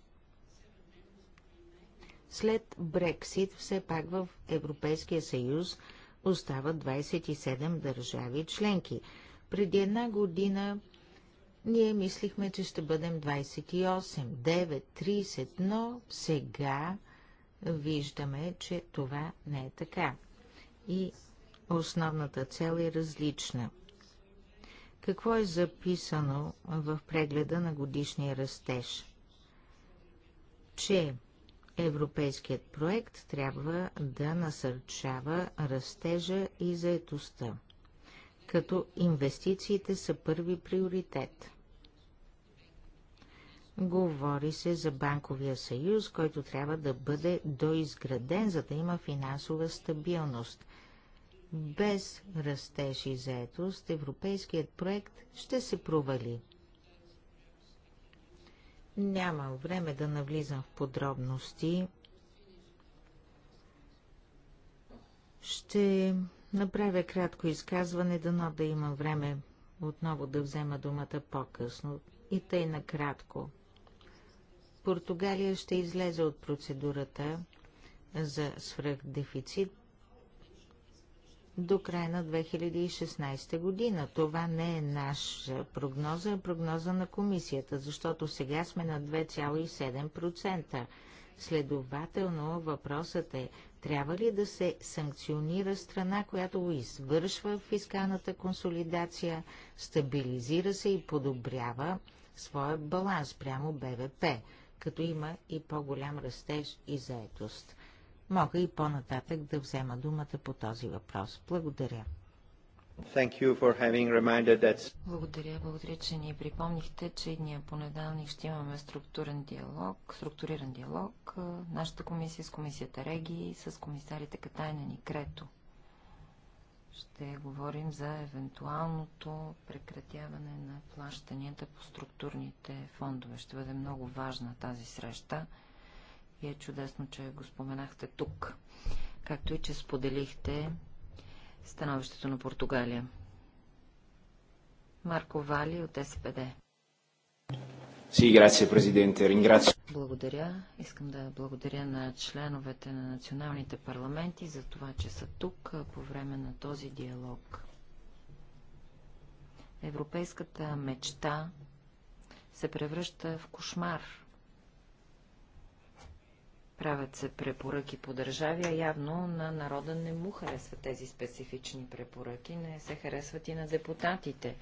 след Брексит все пак в Европейския съюз остават 27 държави членки. Преди една година ние мислихме, че ще бъдем 28, 9, 30, но сега виждаме, че това не е така. И основната цел е различна. Какво е записано в прегледа на годишния растеж? Че европейският проект трябва да насърчава растежа и заетостта като инвестициите са първи приоритет. Говори се за банковия съюз, който трябва да бъде доизграден, за да има финансова стабилност. Без растеж и заетост европейският проект ще се провали. Няма време да навлизам в подробности. Ще направя кратко изказване, дано да има време отново да взема думата по-късно. И тъй накратко. Португалия ще излезе от процедурата за свръхдефицит до края на 2016 година. Това не е наша прогноза, а прогноза на комисията, защото сега сме на 2,7%. Следователно въпросът е трябва ли да се санкционира страна, която извършва фискалната консолидация, стабилизира се и подобрява своя баланс прямо БВП, като има и по-голям растеж и заетост? Мога и по-нататък да взема думата по този въпрос. Благодаря. Благодаря, благодаря, че ни припомнихте, че едния понеделник ще имаме структурен диалог, структуриран диалог, нашата комисия с комисията Реги, с комисарите Катайна и Крето. Ще говорим за евентуалното прекратяване на плащанията по структурните фондове. Ще бъде много важна тази среща и е чудесно, че го споменахте тук, както и че споделихте становището на Португалия. Марко Вали от СПД. Си, грация, президенте. Благодаря. Искам да благодаря на членовете на националните парламенти за това, че са тук по време на този диалог. Европейската мечта се превръща в кошмар Правят се препоръки по държави, а явно на народа не му харесват тези специфични препоръки, не се харесват и на депутатите.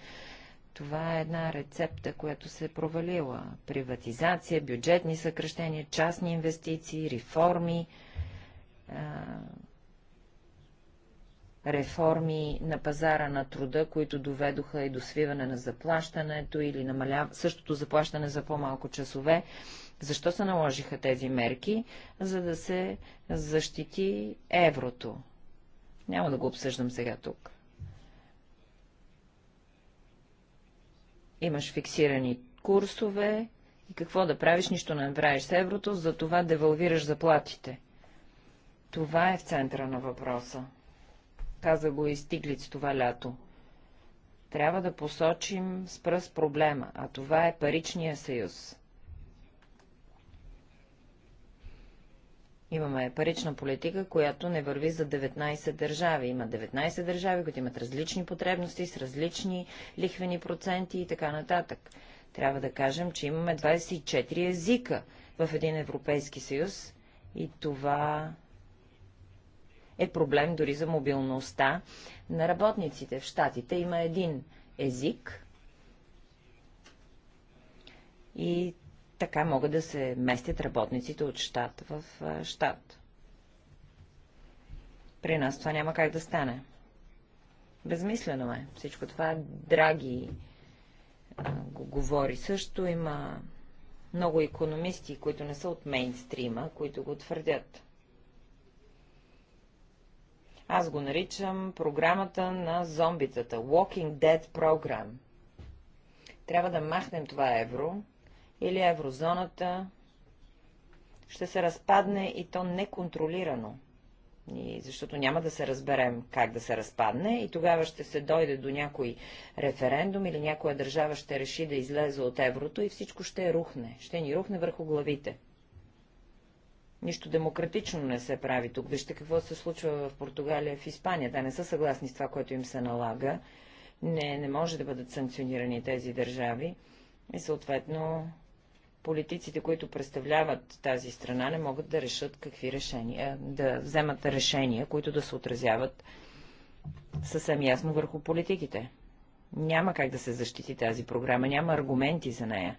Това е една рецепта, която се е провалила. Приватизация, бюджетни съкръщения, частни инвестиции, реформи, реформи на пазара на труда, които доведоха и до свиване на заплащането или намалява същото заплащане за по-малко часове защо се наложиха тези мерки? За да се защити еврото. Няма да го обсъждам сега тук. Имаш фиксирани курсове и какво да правиш, нищо не направиш с еврото, за това девалвираш заплатите. Това е в центъра на въпроса. Каза го и Стиглиц това лято. Трябва да посочим с пръст проблема, а това е паричния съюз. Имаме парична политика, която не върви за 19 държави. Има 19 държави, които имат различни потребности, с различни лихвени проценти и така нататък. Трябва да кажем, че имаме 24 езика в един Европейски съюз и това е проблем дори за мобилността на работниците. В Штатите има един език и така могат да се местят работниците от щат в щат. При нас това няма как да стане. Безмислено е. Всичко това драги го говори. Също има много економисти, които не са от мейнстрима, които го твърдят. Аз го наричам програмата на зомбитата. Walking Dead Program. Трябва да махнем това евро, или еврозоната ще се разпадне и то неконтролирано. И защото няма да се разберем как да се разпадне и тогава ще се дойде до някой референдум или някоя държава ще реши да излезе от еврото и всичко ще рухне, ще ни рухне върху главите. Нищо демократично не се прави тук. Вижте какво се случва в Португалия, в Испания. Те не са съгласни с това, което им се налага. Не, не може да бъдат санкционирани тези държави и съответно политиците, които представляват тази страна, не могат да решат какви решения, е, да вземат решения, които да се отразяват съвсем ясно върху политиките. Няма как да се защити тази програма, няма аргументи за нея.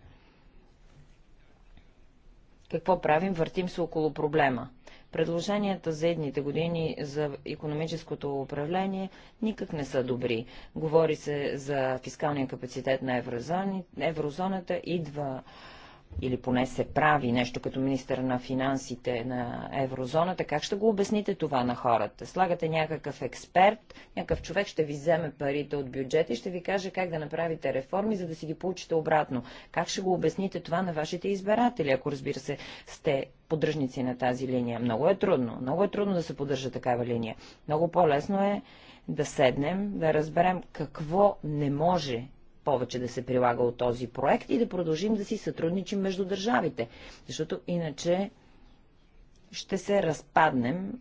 Какво правим? Въртим се около проблема. Предложенията за едните години за економическото управление никак не са добри. Говори се за фискалния капацитет на еврозоната, идва или поне се прави нещо като министър на финансите на еврозоната, как ще го обясните това на хората? Слагате някакъв експерт, някакъв човек ще ви вземе парите от бюджета и ще ви каже как да направите реформи, за да си ги получите обратно. Как ще го обясните това на вашите избиратели, ако разбира се сте поддръжници на тази линия? Много е трудно. Много е трудно да се поддържа такава линия. Много по-лесно е да седнем, да разберем какво не може повече да се прилага от този проект и да продължим да си сътрудничим между държавите, защото иначе ще се разпаднем,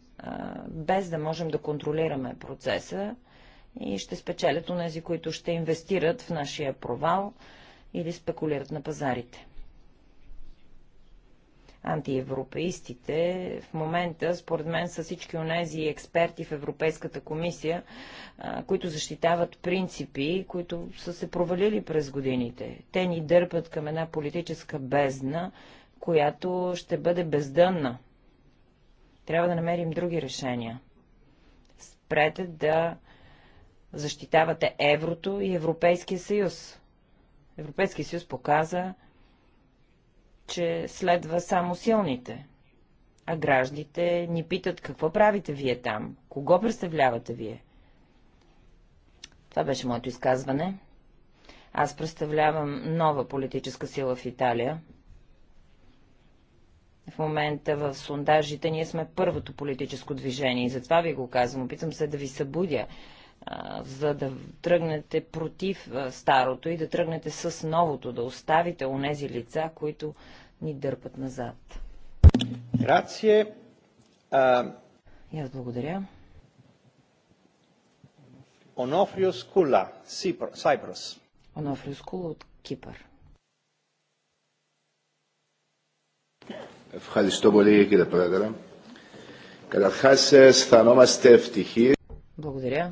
без да можем да контролираме процеса и ще спечелят онези, които ще инвестират в нашия провал или спекулират на пазарите антиевропеистите в момента, според мен, са всички онези експерти в Европейската комисия, които защитават принципи, които са се провалили през годините. Те ни дърпат към една политическа бездна, която ще бъде бездънна. Трябва да намерим други решения. Спрете да защитавате еврото и Европейския съюз. Европейския съюз показа, че следва само силните. А граждите ни питат какво правите вие там, кого представлявате вие. Това беше моето изказване. Аз представлявам нова политическа сила в Италия. В момента в сундажите ние сме първото политическо движение и затова ви го казвам. Опитам се да ви събудя, за да тръгнете против старото и да тръгнете с новото, да оставите онези лица, които ни дърпат назад. Грация. А... И аз благодаря. Онофриус Кула, Сайпрус. Онофриус Кула от Кипър. Ευχαριστώ πολύ κύριε Πρόεδρε. Καταρχάς αισθανόμαστε ευτυχείς. Благодаря.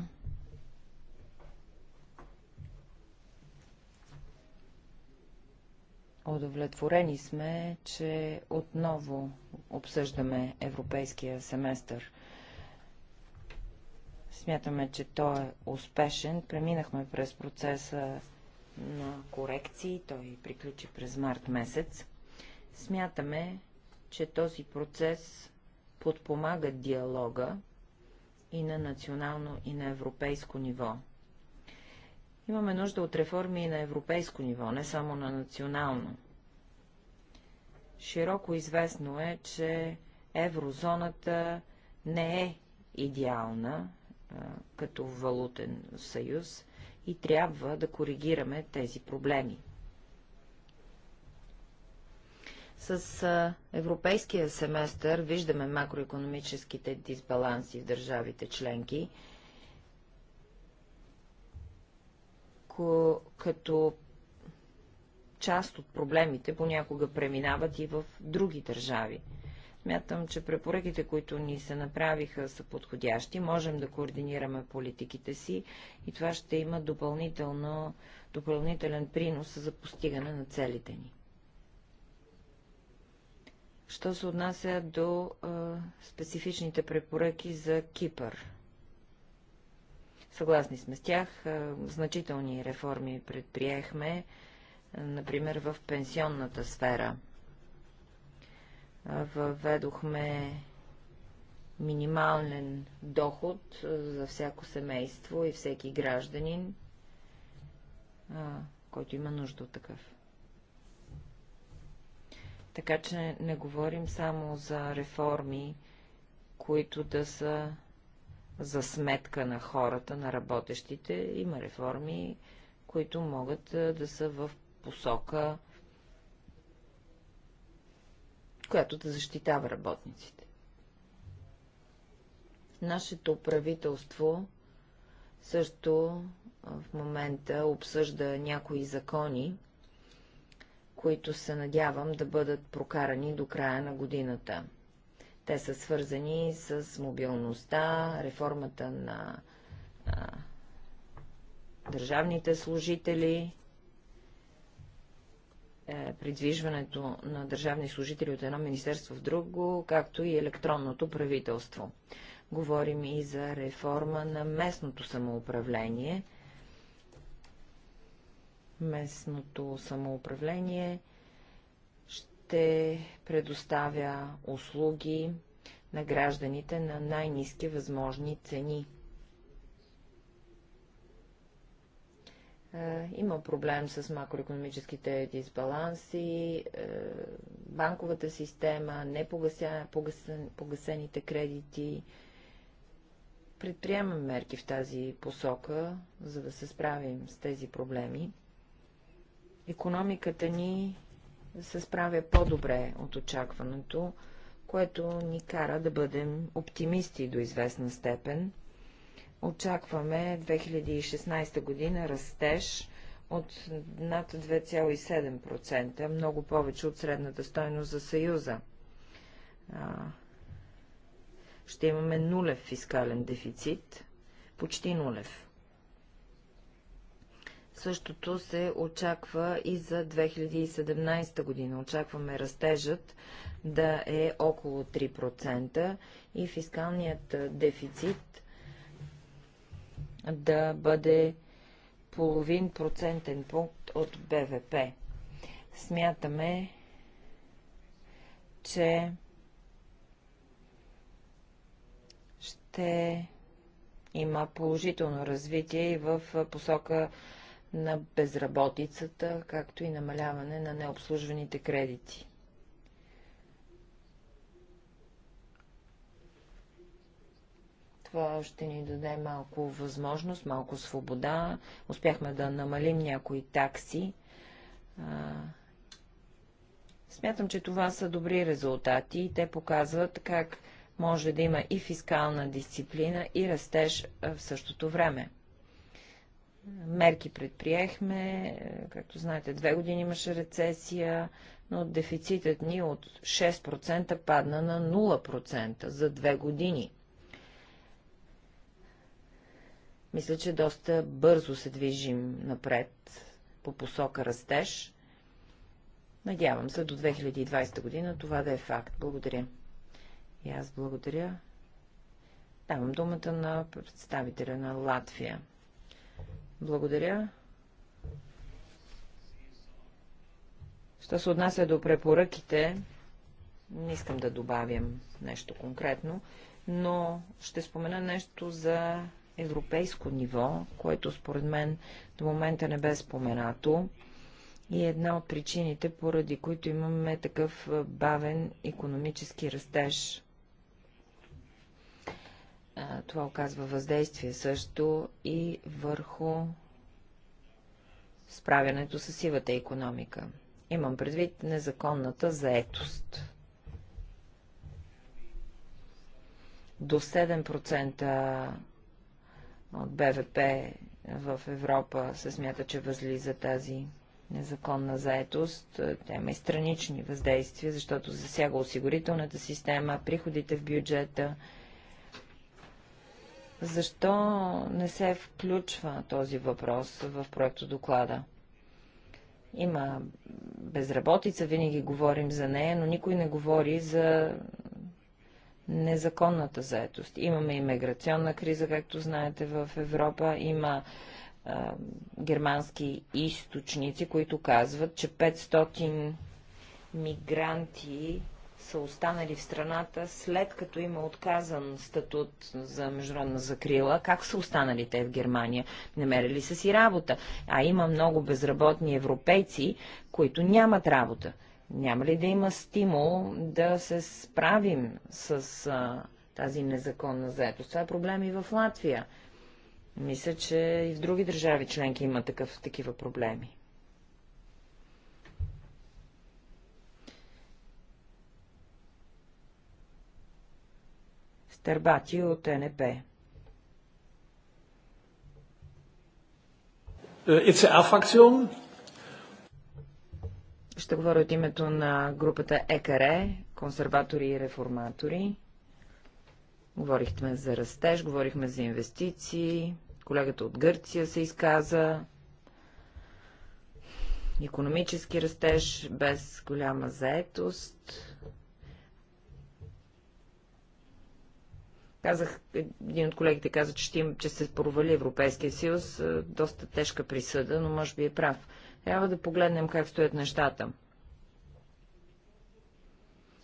Удовлетворени сме, че отново обсъждаме европейския семестър. Смятаме, че той е успешен. Преминахме през процеса на корекции. Той приключи през март месец. Смятаме, че този процес подпомага диалога и на национално, и на европейско ниво. Имаме нужда от реформи и на европейско ниво, не само на национално. Широко известно е, че еврозоната не е идеална като валутен съюз и трябва да коригираме тези проблеми. С европейския семестър виждаме макроекономическите дисбаланси в държавите членки като част от проблемите понякога преминават и в други държави. Смятам, че препоръките, които ни се направиха, са подходящи. Можем да координираме политиките си и това ще има допълнителен принос за постигане на целите ни. Що се отнася до а, специфичните препоръки за Кипър? Съгласни сме с тях. Е, значителни реформи предприехме, е, например в пенсионната сфера. Е, въведохме минимален доход за всяко семейство и всеки гражданин, който има нужда от такъв. Така че не говорим само за реформи, които да са за сметка на хората, на работещите. Има реформи, които могат да са в посока, която да защитава работниците. Нашето правителство също в момента обсъжда някои закони, които се надявам да бъдат прокарани до края на годината. Те са свързани с мобилността, реформата на а, държавните служители, е, придвижването на държавни служители от едно министерство в друго, както и електронното правителство. Говорим и за реформа на местното самоуправление. Местното самоуправление – ще предоставя услуги на гражданите на най-низки възможни цени. Е, има проблем с макроекономическите дисбаланси, е, банковата система, непогасените кредити. Предприемам мерки в тази посока, за да се справим с тези проблеми. Економиката ни се справя по-добре от очакваното, което ни кара да бъдем оптимисти до известна степен. Очакваме 2016 година растеж от над 2,7%, много повече от средната стойност за Съюза. ще имаме нулев фискален дефицит, почти нулев. Същото се очаква и за 2017 година. Очакваме растежът да е около 3% и фискалният дефицит да бъде половин процентен пункт от БВП. Смятаме, че ще има положително развитие и в посока на безработицата, както и намаляване на необслужваните кредити. Това ще ни даде малко възможност, малко свобода. Успяхме да намалим някои такси. Смятам, че това са добри резултати и те показват как може да има и фискална дисциплина и растеж в същото време мерки предприехме. Както знаете, две години имаше рецесия, но дефицитът ни от 6% падна на 0% за две години. Мисля, че доста бързо се движим напред по посока растеж. Надявам се до 2020 година това да е факт. Благодаря. И аз благодаря. Давам думата на представителя на Латвия. Благодаря. Що се отнася до препоръките, не искам да добавям нещо конкретно, но ще спомена нещо за европейско ниво, което според мен до момента не бе споменато и е една от причините, поради които имаме такъв бавен економически растеж. Това оказва въздействие също и върху справянето с сивата економика. Имам предвид незаконната заетост. До 7% от БВП в Европа се смята, че възлиза тази незаконна заетост. Тя има и странични въздействия, защото засяга осигурителната система, приходите в бюджета, защо не се включва този въпрос в проекто доклада? Има безработица, винаги говорим за нея, но никой не говори за незаконната заетост. Имаме иммиграционна криза, както знаете, в Европа. Има е, германски източници, които казват, че 500 мигранти са останали в страната, след като има отказан статут за международна закрила, как са останали те в Германия? Намерили са си работа, а има много безработни европейци, които нямат работа. Няма ли да има стимул да се справим с а, тази незаконна заетост? Това е проблем и в Латвия. Мисля, че и в други държави членки има такъв, такива проблеми. Тербати от НП. Е, Ще говоря от името на групата ЕКРЕ, консерватори и реформатори. Говорихме за растеж, говорихме за инвестиции, колегата от Гърция се изказа, економически растеж без голяма заетост, Казах, един от колегите каза, че, ще им, че се провали Европейския съюз. Е, доста тежка присъда, но може би е прав. Трябва да погледнем как стоят нещата.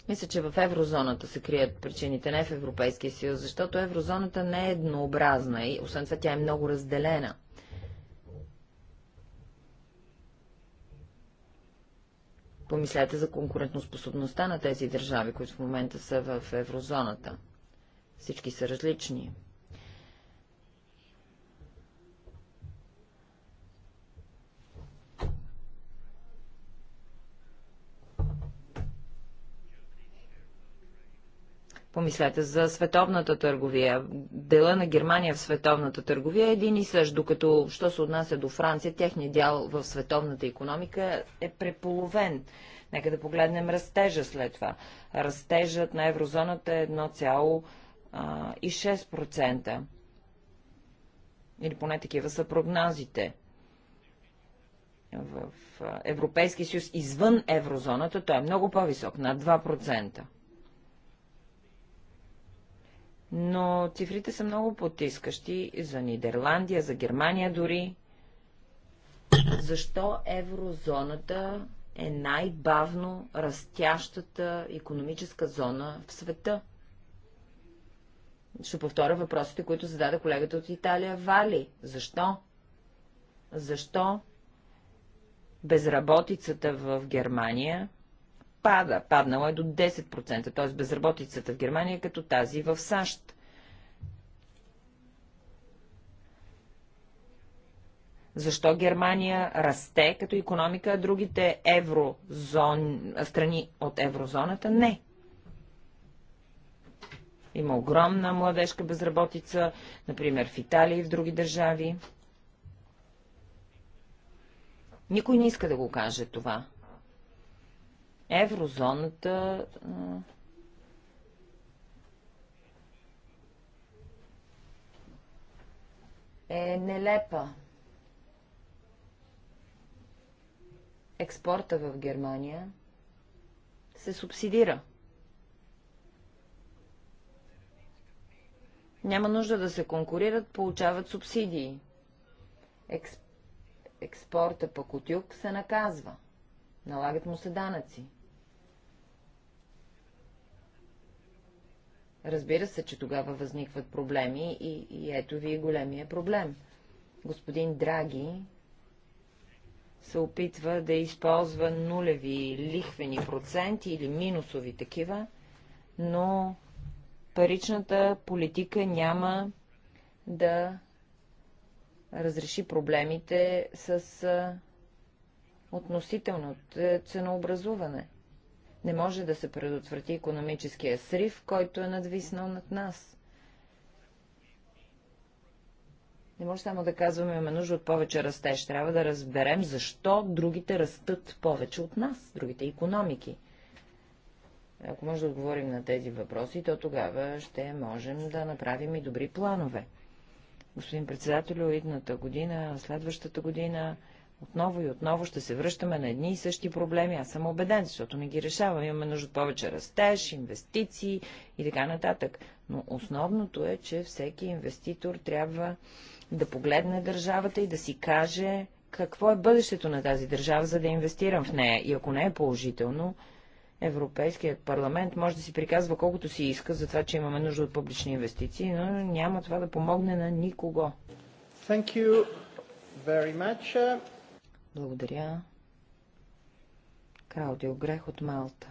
Мисля, че в еврозоната се крият причините, не в Европейския съюз, защото еврозоната не е еднообразна и освен това тя е много разделена. Помислете за конкурентоспособността на тези държави, които в момента са в еврозоната. Всички са различни. Помислете за световната търговия. Дела на Германия в световната търговия е един и същ, докато, що се отнася до Франция, техният дял в световната економика е преполовен. Нека да погледнем растежа след това. Растежът на еврозоната е и 6%. Или поне такива са прогнозите. В Европейския съюз извън еврозоната той е много по-висок, над 2%. Но цифрите са много потискащи за Нидерландия, за Германия дори. Защо еврозоната е най-бавно растящата економическа зона в света? Ще повторя въпросите, които зададе колегата от Италия Вали. Защо? Защо безработицата в Германия пада? Паднала е до 10%, т.е. безработицата в Германия е като тази в САЩ. защо Германия расте като економика, а другите еврозон... страни от еврозоната не. Има огромна младежка безработица, например в Италия и в други държави. Никой не иска да го каже това. Еврозоната е нелепа. Експорта в Германия се субсидира. Няма нужда да се конкурират, получават субсидии. Експ... Експорта пък от юг се наказва. Налагат му се данъци. Разбира се, че тогава възникват проблеми и, и ето ви големия проблем. Господин Драги се опитва да използва нулеви лихвени проценти или минусови такива, но паричната политика няма да разреши проблемите с относително ценообразуване. Не може да се предотврати економическия срив, който е надвиснал над нас. Не може само да казваме, имаме нужда от повече растеж. Трябва да разберем защо другите растат повече от нас, другите економики. Ако може да отговорим на тези въпроси, то тогава ще можем да направим и добри планове. Господин председател, идната година, следващата година, отново и отново ще се връщаме на едни и същи проблеми. Аз съм убеден, защото не ги решавам. Имаме нужда от повече растеж, инвестиции и така нататък. Но основното е, че всеки инвеститор трябва да погледне държавата и да си каже какво е бъдещето на тази държава, за да инвестирам в нея. И ако не е положително, Европейският парламент може да си приказва колкото си иска за това, че имаме нужда от публични инвестиции, но няма това да помогне на никого. Thank you very much. Благодаря. Краудио Грех от Малта.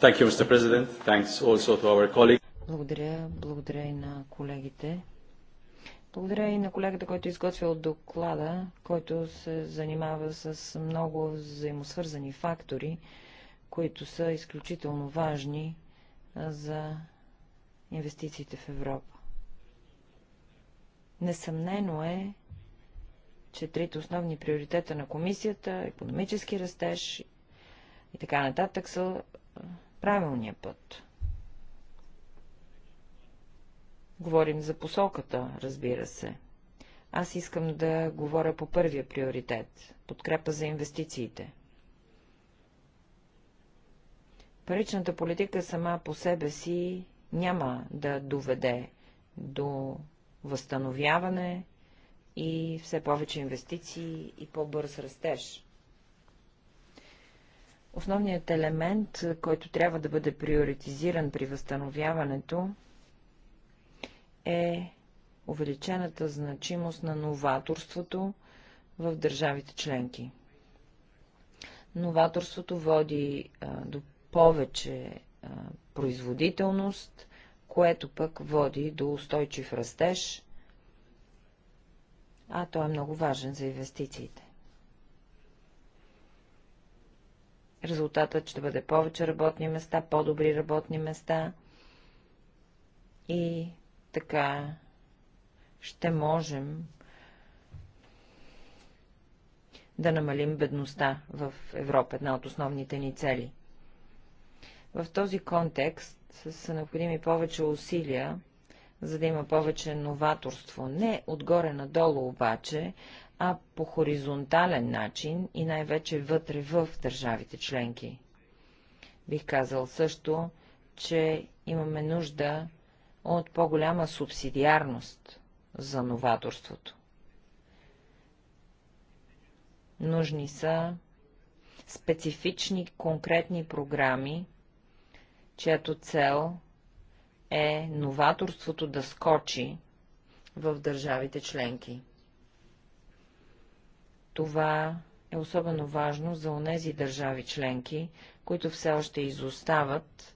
Thank you, Mr. President. Thanks also to our colleague. Благодаря, благодаря и на колегите. Благодаря и на колегата, който е изготвил доклада, който се занимава с много взаимосвързани фактори, които са изключително важни за инвестициите в Европа. Несъмнено е, че трите основни приоритета на комисията, економически растеж и така нататък, са правилния път. Говорим за посоката, разбира се. Аз искам да говоря по първия приоритет – подкрепа за инвестициите. Паричната политика сама по себе си няма да доведе до възстановяване и все повече инвестиции и по-бърз растеж. Основният елемент, който трябва да бъде приоритизиран при възстановяването, е увеличената значимост на новаторството в държавите членки. Новаторството води а, до повече а, производителност, което пък води до устойчив растеж, а той е много важен за инвестициите. Резултатът ще бъде повече работни места, по-добри работни места и така ще можем да намалим бедността в Европа, една от основните ни цели. В този контекст са необходими повече усилия, за да има повече новаторство. Не отгоре надолу обаче, а по хоризонтален начин и най-вече вътре в държавите членки. Бих казал също, че имаме нужда от по-голяма субсидиарност за новаторството. Нужни са специфични конкретни програми, чиято цел е новаторството да скочи в държавите членки. Това е особено важно за онези държави членки, които все още изостават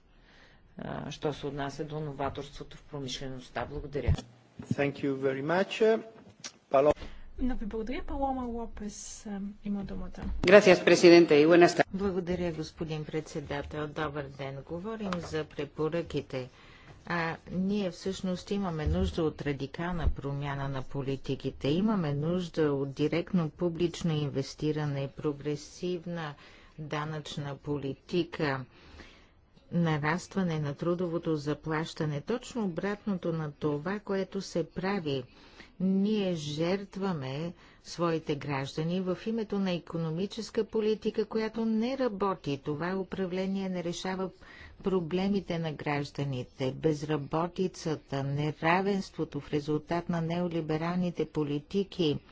що се отнася до новаторството в промишлеността. Благодаря. Thank you very much. Много ви благодаря. Палома Лопес има думата. Gracias, presidente, и buenas tardes. Благодаря, господин председател. Добър ден. Говорим за препоръките. А ние всъщност имаме нужда от радикална промяна на политиките. Имаме нужда от директно публично инвестиране, прогресивна данъчна политика нарастване на трудовото заплащане, точно обратното на това, което се прави. Ние жертваме своите граждани в името на економическа политика, която не работи. Това управление не решава проблемите на гражданите, безработицата, неравенството в резултат на неолибералните политики –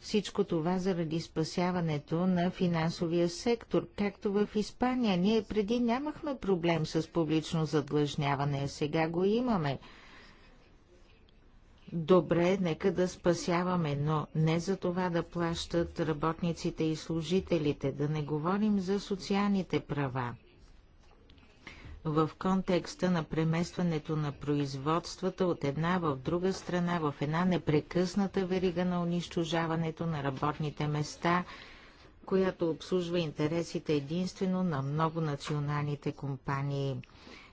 всичко това заради спасяването на финансовия сектор, както в Испания. Ние преди нямахме проблем с публично задлъжняване, сега го имаме. Добре, нека да спасяваме, но не за това да плащат работниците и служителите, да не говорим за социалните права в контекста на преместването на производствата от една в друга страна, в една непрекъсната верига на унищожаването на работните места, която обслужва интересите единствено на многонационалните компании.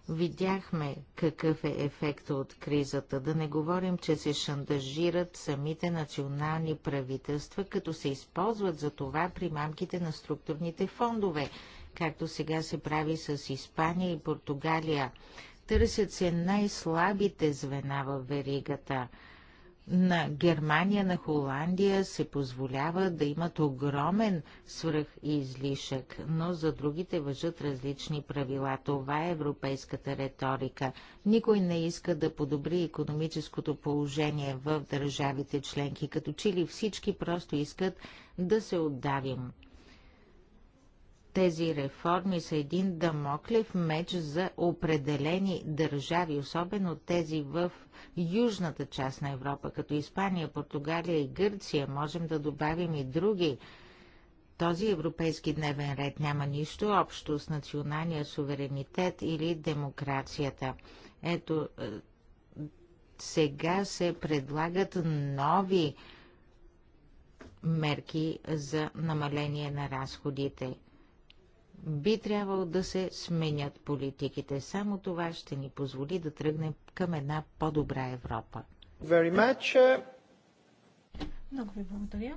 Видяхме какъв е ефекта от кризата, да не говорим, че се шантажират самите национални правителства, като се използват за това примамките на структурните фондове – както сега се прави с Испания и Португалия. Търсят се най-слабите звена в веригата. На Германия, на Холандия се позволява да имат огромен свръх и излишък, но за другите въжат различни правила. Това е европейската риторика. Никой не иска да подобри економическото положение в държавите членки, като че ли всички просто искат да се отдавим. Тези реформи са един дамоклев меч за определени държави, особено тези в южната част на Европа, като Испания, Португалия и Гърция. Можем да добавим и други. Този европейски дневен ред няма нищо общо с националния суверенитет или демокрацията. Ето, е, сега се предлагат нови мерки за намаление на разходите. Би трябвало да се сменят политиките. Само това ще ни позволи да тръгнем към една по-добра Европа. Very much. Много ви благодаря.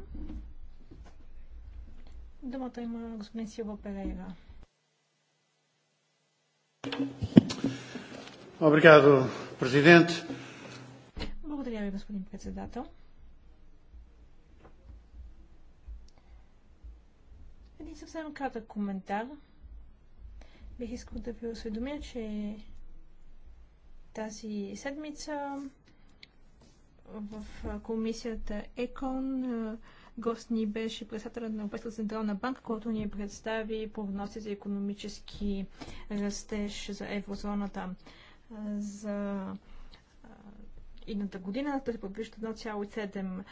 Думата има господин Силва Перейра. Обригадо, президент. Благодаря ви, господин председател. Един съвсем кратък коментар. Бих искал да ви осведомя, че тази седмица в комисията ЕКОН гост ни беше председателят на Европейската централна банка, който ни представи прогнози за економически растеж за еврозоната за идната година. Той се предвижда 1,7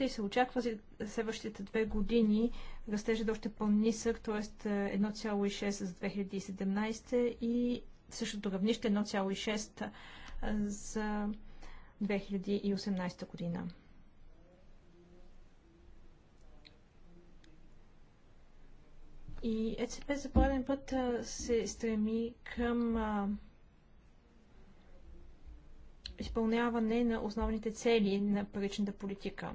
и се очаква за следващите две години растежа да е още по-нисък, т.е. 1,6 за 2017 и същото равнище 1,6 за 2018 година. И ЕЦП за пореден път се стреми към изпълняване на основните цели на паричната политика.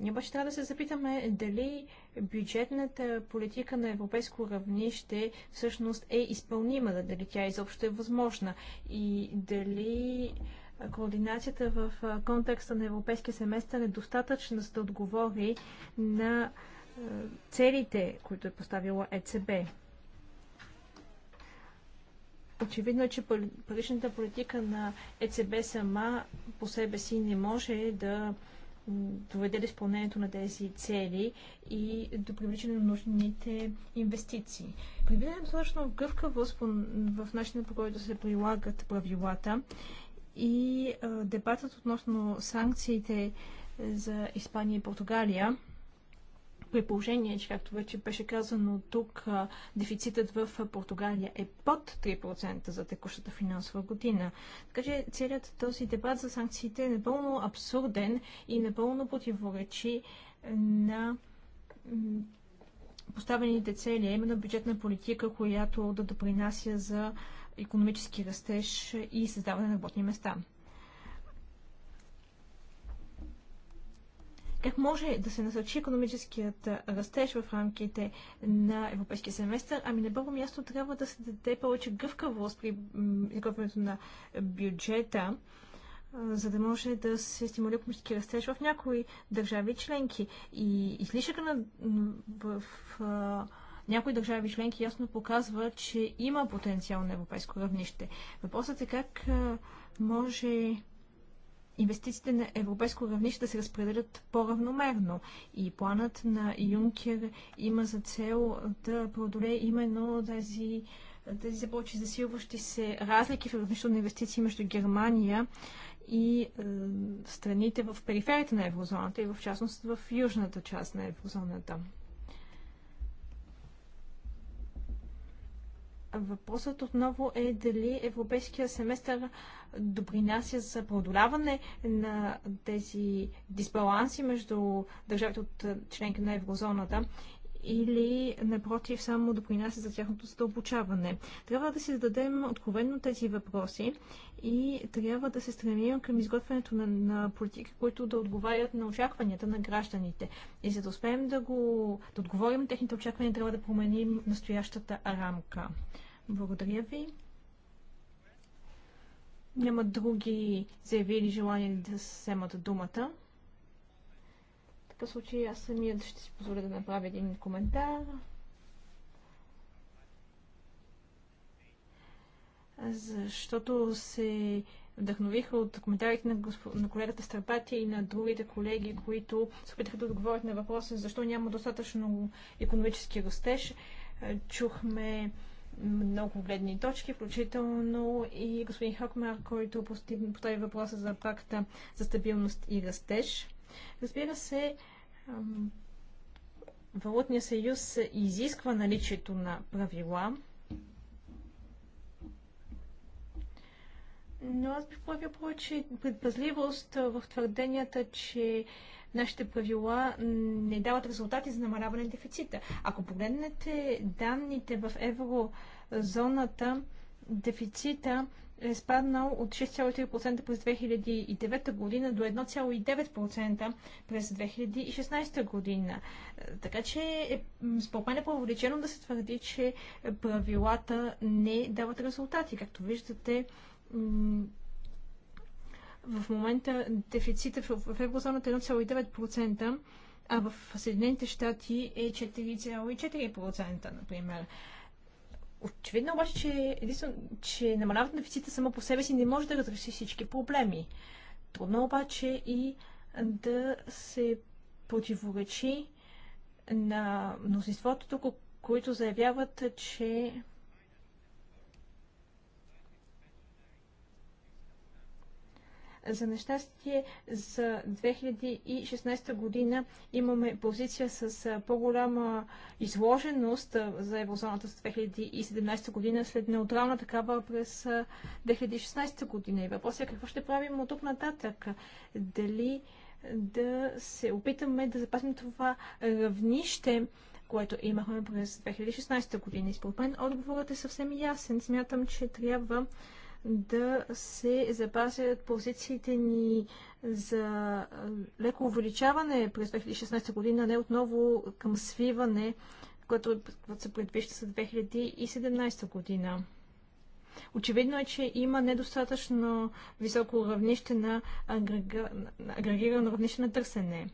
Ние обаче трябва да се запитаме дали бюджетната политика на европейско равнище всъщност е изпълнима, дали тя изобщо е възможна и дали координацията в контекста на европейския семестър е достатъчна за да отговори на целите, които е поставила ЕЦБ. Очевидно е, че паричната политика на ЕЦБ сама по себе си не може да доведе до изпълнението на тези цели и до привличане на нужните инвестиции. Предвидена достатъчно гъвкавост в начина по който се прилагат правилата и дебатът относно санкциите за Испания и Португалия при положение, че както вече беше казано тук, дефицитът в Португалия е под 3% за текущата финансова година. Така че целият този дебат за санкциите е напълно абсурден и напълно противоречи е, на поставените цели, а именно бюджетна политика, която да допринася за економически растеж и създаване на работни места. как може да се насърчи економическият растеж в рамките на европейския семестър. Ами на първо място трябва да се даде повече гъвкавост при изготвянето на бюджета за да може да се стимулира економически растеж в някои държави членки. И излишъка на, в, в някои държави членки ясно показва, че има потенциал на европейско равнище. Въпросът е как може инвестициите на европейско равнище да се разпределят по-равномерно. И планът на Юнкер има за цел да преодолее именно тази тези започи засилващи се разлики в равнището на инвестиции между Германия и е, страните в периферията на еврозоната и в частност в южната част на еврозоната. Въпросът отново е дали европейския семестър допринася за преодоляване на тези дисбаланси между държавите от членки на еврозоната или напротив само допринася за тяхното задълбочаване. Трябва да си зададем откровенно тези въпроси и трябва да се стремим към изготвянето на, на политики, които да отговарят на очакванията на гражданите. И за да успеем да, го, да отговорим на техните очаквания, трябва да променим настоящата рамка. Благодаря ви. Няма други заявили желание да вземат думата такъв случай аз самият ще си позволя да направя един коментар. Защото се вдъхновиха от коментарите на, госпо... на колегата Старпати и на другите колеги, които се опитаха да отговорят на въпроса защо няма достатъчно економически растеж. Чухме много гледни точки, включително и господин Хакмар, който постави въпроса за пакта за стабилност и растеж. Разбира се, Валутния съюз изисква наличието на правила, но аз бих правил повече предпазливост в твърденията, че нашите правила не дават резултати за намаляване на дефицита. Ако погледнете данните в еврозоната, дефицита е спаднал от 6,3% през 2009 година до 1,9% през 2016 година. Така че е, според мен е преувеличено да се твърди, че правилата не дават резултати. Както виждате, в момента дефицитът в еврозоната е 1,9%, а в Съединените щати е 4,4%, например. Очевидно обаче, че, единствено, че намаляването на дефицита само по себе си не може да разреши всички проблеми. Трудно обаче и да се противоречи на мнозинството тук, които заявяват, че За нещастие за 2016 година имаме позиция с по-голяма изложеност за еврозоната за 2017 година след неутрална такава през 2016 година. И въпросът е какво ще правим от тук нататък. Дали да се опитаме да запазим това равнище, което имахме през 2016 година. И според мен отговорът е съвсем ясен. Смятам, че трябва да се запазят позициите ни за леко увеличаване през 2016 година, не отново към свиване, което е се предвижда за 2017 година. Очевидно е, че има недостатъчно високо равнище на, на агрегирано равнище на търсене.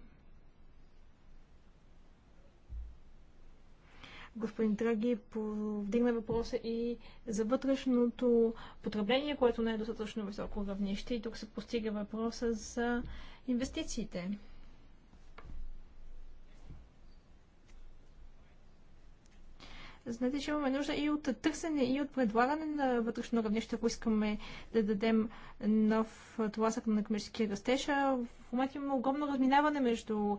господин Драги повдигна въпроса и за вътрешното потребление, което не е достатъчно високо равнище. И тук се постига въпроса за инвестициите. Знаете, че имаме нужда и от търсене, и от предлагане на вътрешно равнище, ако искаме да дадем нов тласък на економическия растеж. В момента има огромно разминаване между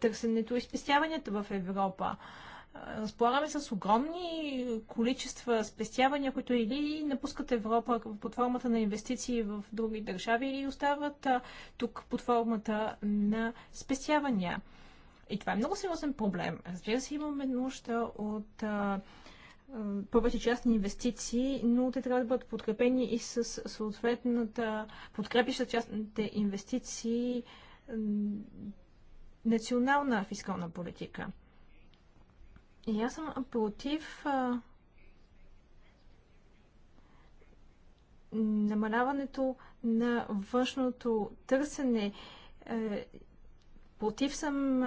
търсенето и спестяванията в Европа разполагаме с огромни количества спестявания, които или напускат Европа под формата на инвестиции в други държави, или остават тук под формата на спестявания. И това е много сериозен проблем. Разбира се, имаме нужда от повече частни инвестиции, но те трябва да бъдат подкрепени и с съответната подкрепища частните инвестиции национална фискална политика. И аз съм против а, намаляването на външното търсене. Е, против съм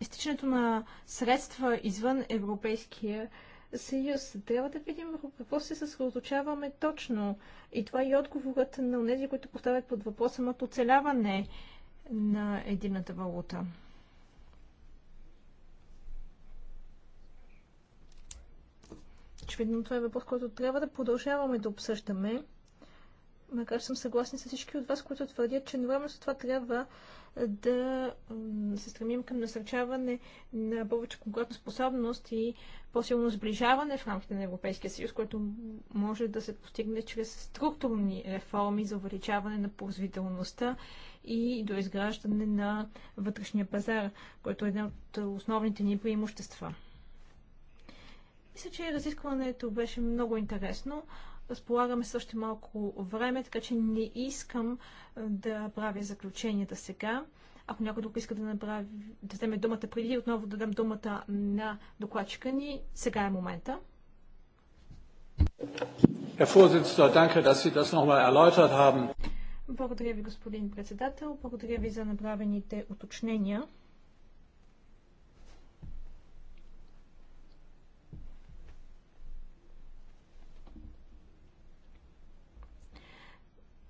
изтичането на средства извън Европейския съюз. Трябва да видим върху какво се съсредоточаваме точно. И това е и отговорът на тези, които поставят под въпроса самото оцеляване на едината валута. Очевидно това е въпрос, който трябва да продължаваме да обсъждаме макар съм съгласен с всички от вас, които твърдят, че едновременно с това трябва да се стремим към насърчаване на повече конкретна способност и по-силно сближаване в рамките на Европейския съюз, което може да се постигне чрез структурни реформи за увеличаване на производителността и до изграждане на вътрешния пазар, който е една от основните ни преимущества. Мисля, че разискването беше много интересно разполагаме също малко време, така че не искам да правя заключенията сега. Ако някой друг иска да, направи, да вземе думата преди отново да дам думата на докладчика ни, сега е момента. Благодаря ви, господин председател. Благодаря ви за направените уточнения.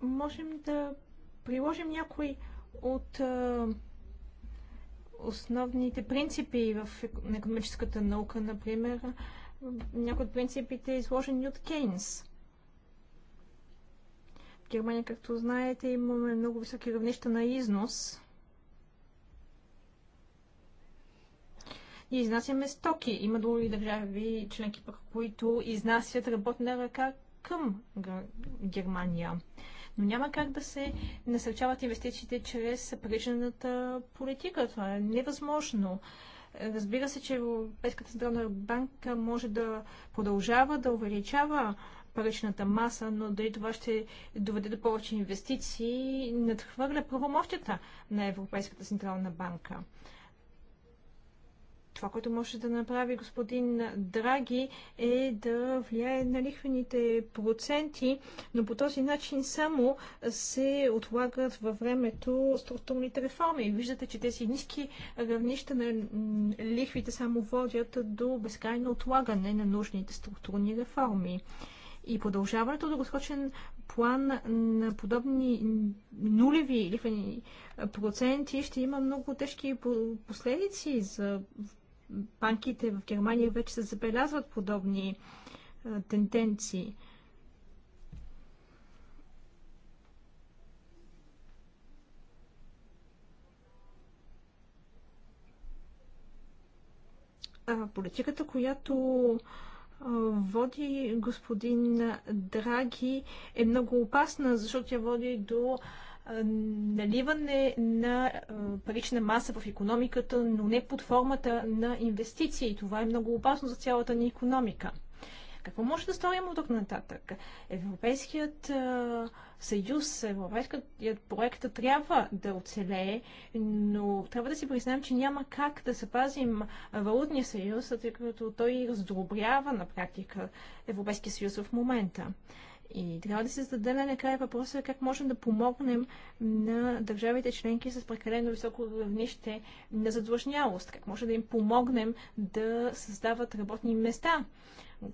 можем да приложим някои от основните принципи в економическата наука, например, някои от принципите изложени от Кейнс. В Германия, както знаете, имаме много високи равнища на износ. И изнасяме стоки. Има други държави, членки, които изнасят работна ръка към Германия но няма как да се насърчават инвестициите чрез съпрежената политика. Това е невъзможно. Разбира се, че Европейската централна банка може да продължава да увеличава паричната маса, но дали това ще доведе до повече инвестиции, надхвърля правомощията на Европейската централна банка. Това, което може да направи господин Драги е да влияе на лихвените проценти, но по този начин само се отлагат във времето структурните реформи. Виждате, че тези ниски равнища на лихвите само водят до безкрайно отлагане на нужните структурни реформи. И продължаването госкочен план на подобни нулеви лихвени проценти ще има много тежки последици за банките в Германия вече се забелязват подобни е, тенденции. политиката, която води господин Драги е много опасна, защото тя води до наливане на парична маса в економиката, но не под формата на инвестиции. Това е много опасно за цялата ни економика. Какво може да сторим от тук нататък? Европейският а, съюз, европейският проект трябва да оцелее, но трябва да си признаем, че няма как да запазим валутния съюз, тъй като той раздобрява на практика Европейския съюз в момента. И трябва да се зададе накрая въпроса как можем да помогнем на държавите членки с прекалено високо равнище на задлъжнялост, как може да им помогнем да създават работни места.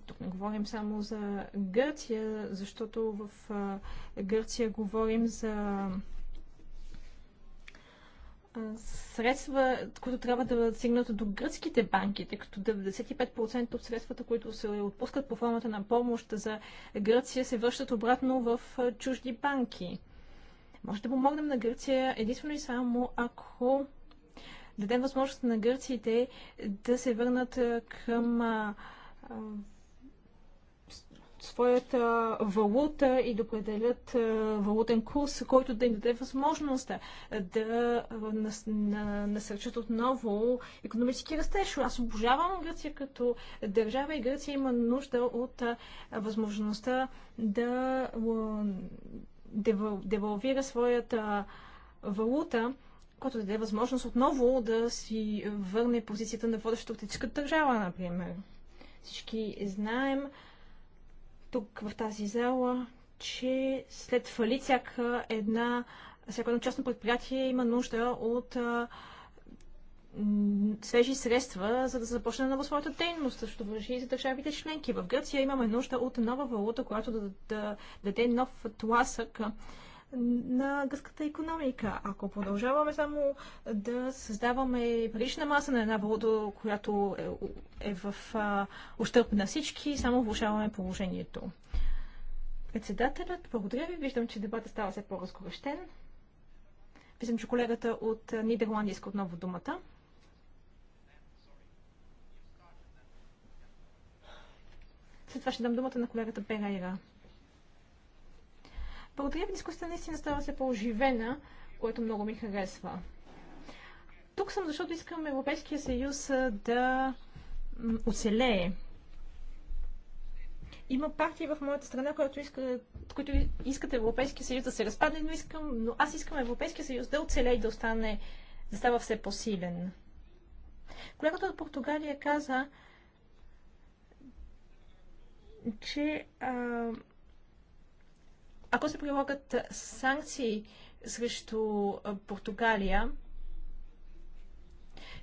Тук не говорим само за Гърция, защото в Гърция говорим за средства, които трябва да стигнат до гръцките банки, тъй като 95% от средствата, които се отпускат по формата на помощ за Гърция, се връщат обратно в чужди банки. Може да помогнем на Гърция единствено и само ако дадем възможност на гърците да се върнат към своята валута и да определят е, валутен курс, който да им даде възможност да е, насърчат отново економически растеж. Аз обожавам Гърция като държава и Гърция има нужда от е, възможността да девалвира своята валута, което даде възможност отново да си върне позицията на водещата политическа държава, например. Всички знаем, тук в тази зала, че след фалит всяка една, всяко едно частно предприятие има нужда от свежи средства, за да започне нова своята дейност. Също върши и за държавите членки. В Гърция имаме нужда от нова валута, която да, да, да даде нов тласък на гръцката економика. Ако продължаваме само да създаваме парична маса на една валута, която е, е в ущърп на всички, само влушаваме положението. Председателят, благодаря ви. Виждам, че дебата става все по-разгорещен. Виждам, че колегата от Нидерландия иска отново думата. След това ще дам думата на колегата Перейра. Благодаря ви, дискусията наистина става се по-оживена, което много ми харесва. Тук съм, защото искам Европейския съюз да оцелее. Има партии в моята страна, които искат, които искат Европейския съюз да се разпадне, но, искам, но аз искам Европейския съюз да оцелее и да остане, да става все по-силен. Колегата от Португалия каза, че а, ако се прилагат санкции срещу Португалия,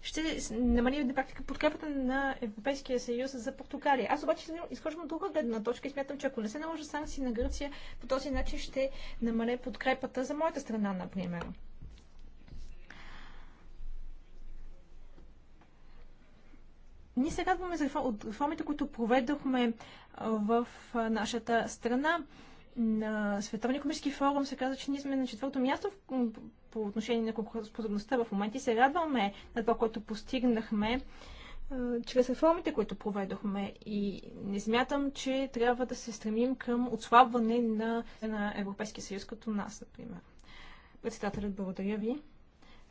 ще намали на практика подкрепата на Европейския съюз за Португалия. Аз обаче изхождам от друга гледна точка и смятам, че ако не се наложи санкции на Гърция, по този начин ще намаля подкрепата за моята страна, например. Ние се радваме за реформите, които проведохме в нашата страна на Световния комически форум се каза, че ние сме на четвърто място в, по отношение на конкурентоспособността в момента и се радваме на това, което постигнахме чрез реформите, които проведохме. И не смятам, че трябва да се стремим към отслабване на, на Европейския съюз, като нас, например. Председателят, благодаря ви.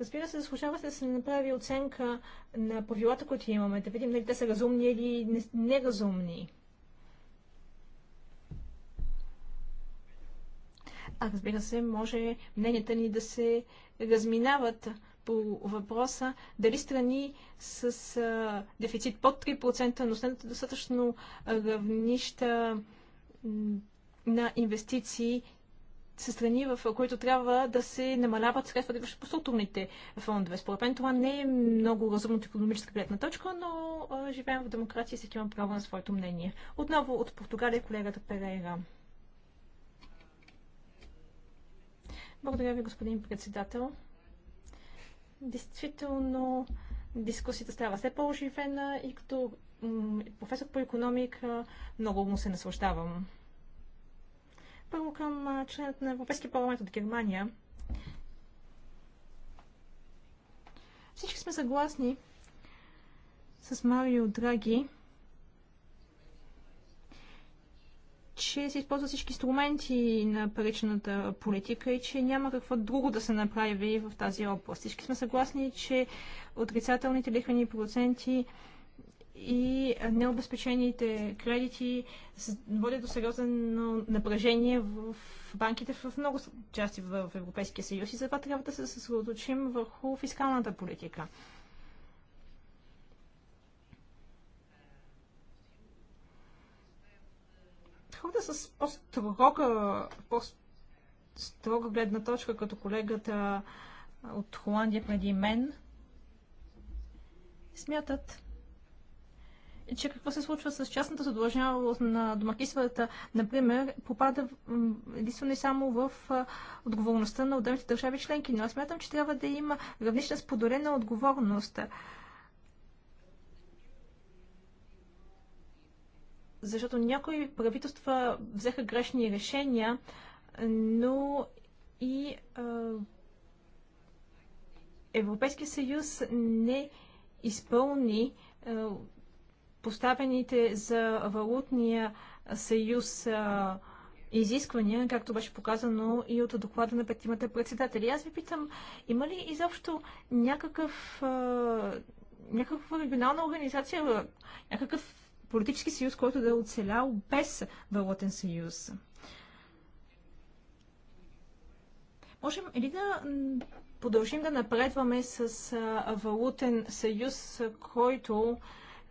Разбира се, заслужава се да се направи оценка на правилата, които имаме, да видим дали те са разумни или неразумни. А разбира се, може мненията ни да се разминават по въпроса дали страни с а, дефицит под 3%, но след достатъчно равнища на инвестиции са страни, в които трябва да се намаляват средствата по структурните фондове. Според мен това не е много разумно економическа гледна точка, но а, живеем в демокрация и всеки има право на своето мнение. Отново от Португалия колегата Перейра. Благодаря ви, господин председател. Действително, дискусията става все по-оживена и като професор по економика много му се наслаждавам. Първо към членът на Европейския парламент от Германия. Всички сме съгласни с Марио Драги, че се използват всички инструменти на паричната политика и че няма какво друго да се направи в тази област. Всички сме съгласни, че отрицателните лихвени проценти и необезпечените кредити водят до сериозно напрежение в банките в много части в Европейския съюз и затова трябва да се съсредоточим върху фискалната политика. хората с по-строга, по-строга гледна точка, като колегата от Холандия преди мен, смятат, че какво се случва с частната задължаваност на домакинствата, например, попада единствено и само в отговорността на отделните държави членки. Но аз смятам, че трябва да има равнична споделена отговорност. защото някои правителства взеха грешни решения, но и е, Европейския съюз не изпълни е, поставените за валутния съюз е, изисквания, както беше показано и от доклада на петимата председатели. Аз ви питам, има ли изобщо някакъв, е, някаква регионална организация, някакъв политически съюз, който да е оцелял без валутен съюз. Можем или да продължим да напредваме с валутен съюз, който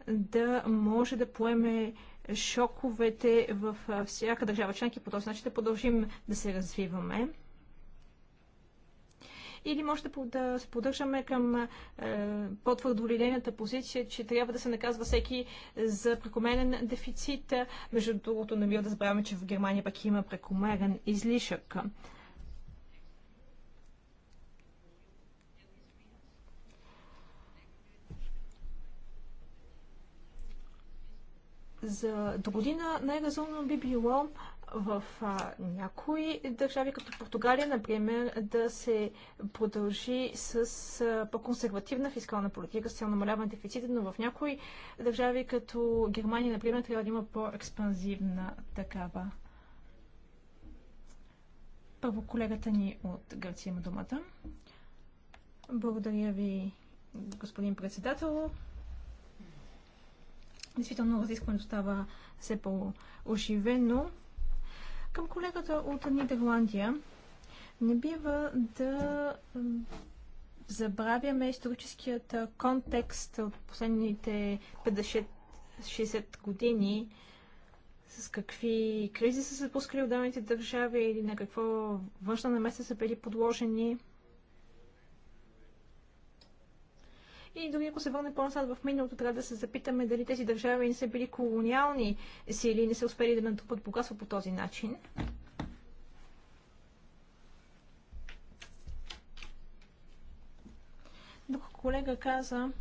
да може да поеме шоковете във всяка държава членки, по този начин да продължим да се развиваме или може да, да се поддържаме към е, по-твърдолинейната позиция, че трябва да се наказва всеки за прекомерен дефицит. Между другото, не бива да забравяме, че в Германия пък има прекомерен излишък. за до година най-разумно би било в а, някои държави, като Португалия, например, да се продължи с по-консервативна фискална политика, с цел намаляване дефицита, но в някои държави, като Германия, например, трябва да има по-експанзивна такава. Първо колегата ни от Гърция има думата. Благодаря ви, господин председател. Действително, разискването става все по-оживено. Към колегата от Нидерландия, не бива да забравяме историческият контекст от последните 50-60 години, с какви кризи са се пускали отделните държави или на какво външна намеса са били подложени. И дори ако се върне по-назад в миналото, трябва да се запитаме дали тези държави не са били колониални сили, не са успели да натрупат богатство по този начин. Друг колега каза,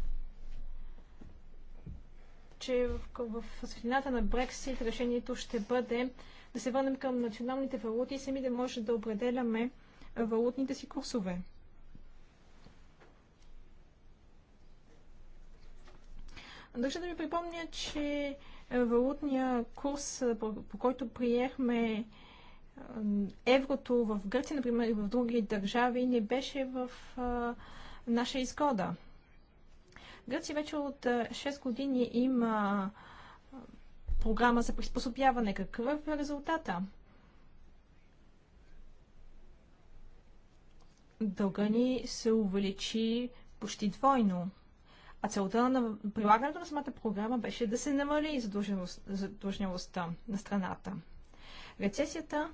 че в, в светлината на Брексит решението ще бъде да се върнем към националните валути и сами да може да определяме валутните си курсове. Държа да ви припомня, че е, валутния курс, е, по, по който приехме е, еврото в Гърция, например, и в други държави, не беше в а, наша изгода. Гърция вече от 6 години има програма за приспособяване. Какъв е резултата? Дълга ни се увеличи почти двойно. А целта на прилагането на самата програма беше да се намали задлъжнявостта на страната. Рецесията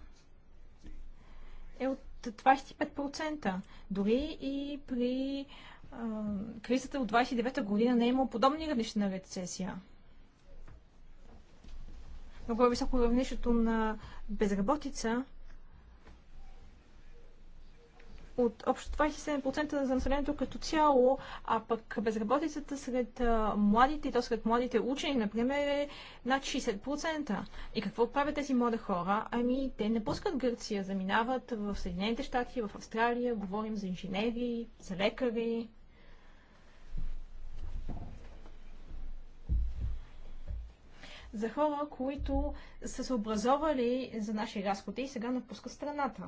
е от 25%. Дори и при а, кризата от 29-та година не е имало подобни равнища на рецесия. Много е високо равнището на безработица, от общо 27% за населението като цяло, а пък безработицата сред младите, и то сред младите учени, например, е над 60%. И какво правят тези млади хора? Ами, те не пускат Гърция, заминават в Съединените щати, в Австралия, говорим за инженери, за лекари. За хора, които са се образовали за наши разходи и сега напускат страната.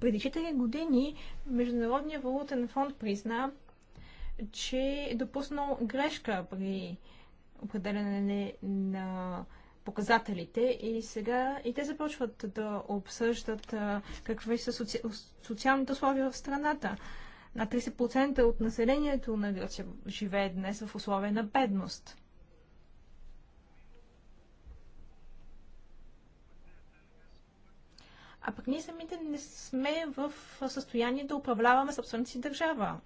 Преди 4 години Международният валутен фонд призна, че е допуснал грешка при определене на показателите и сега и те започват да обсъждат какви са соци... социалните условия в страната. На 30% от населението на Гърция живее днес в условия на бедност. а пък ние самите не сме в състояние да управляваме собствената си държава.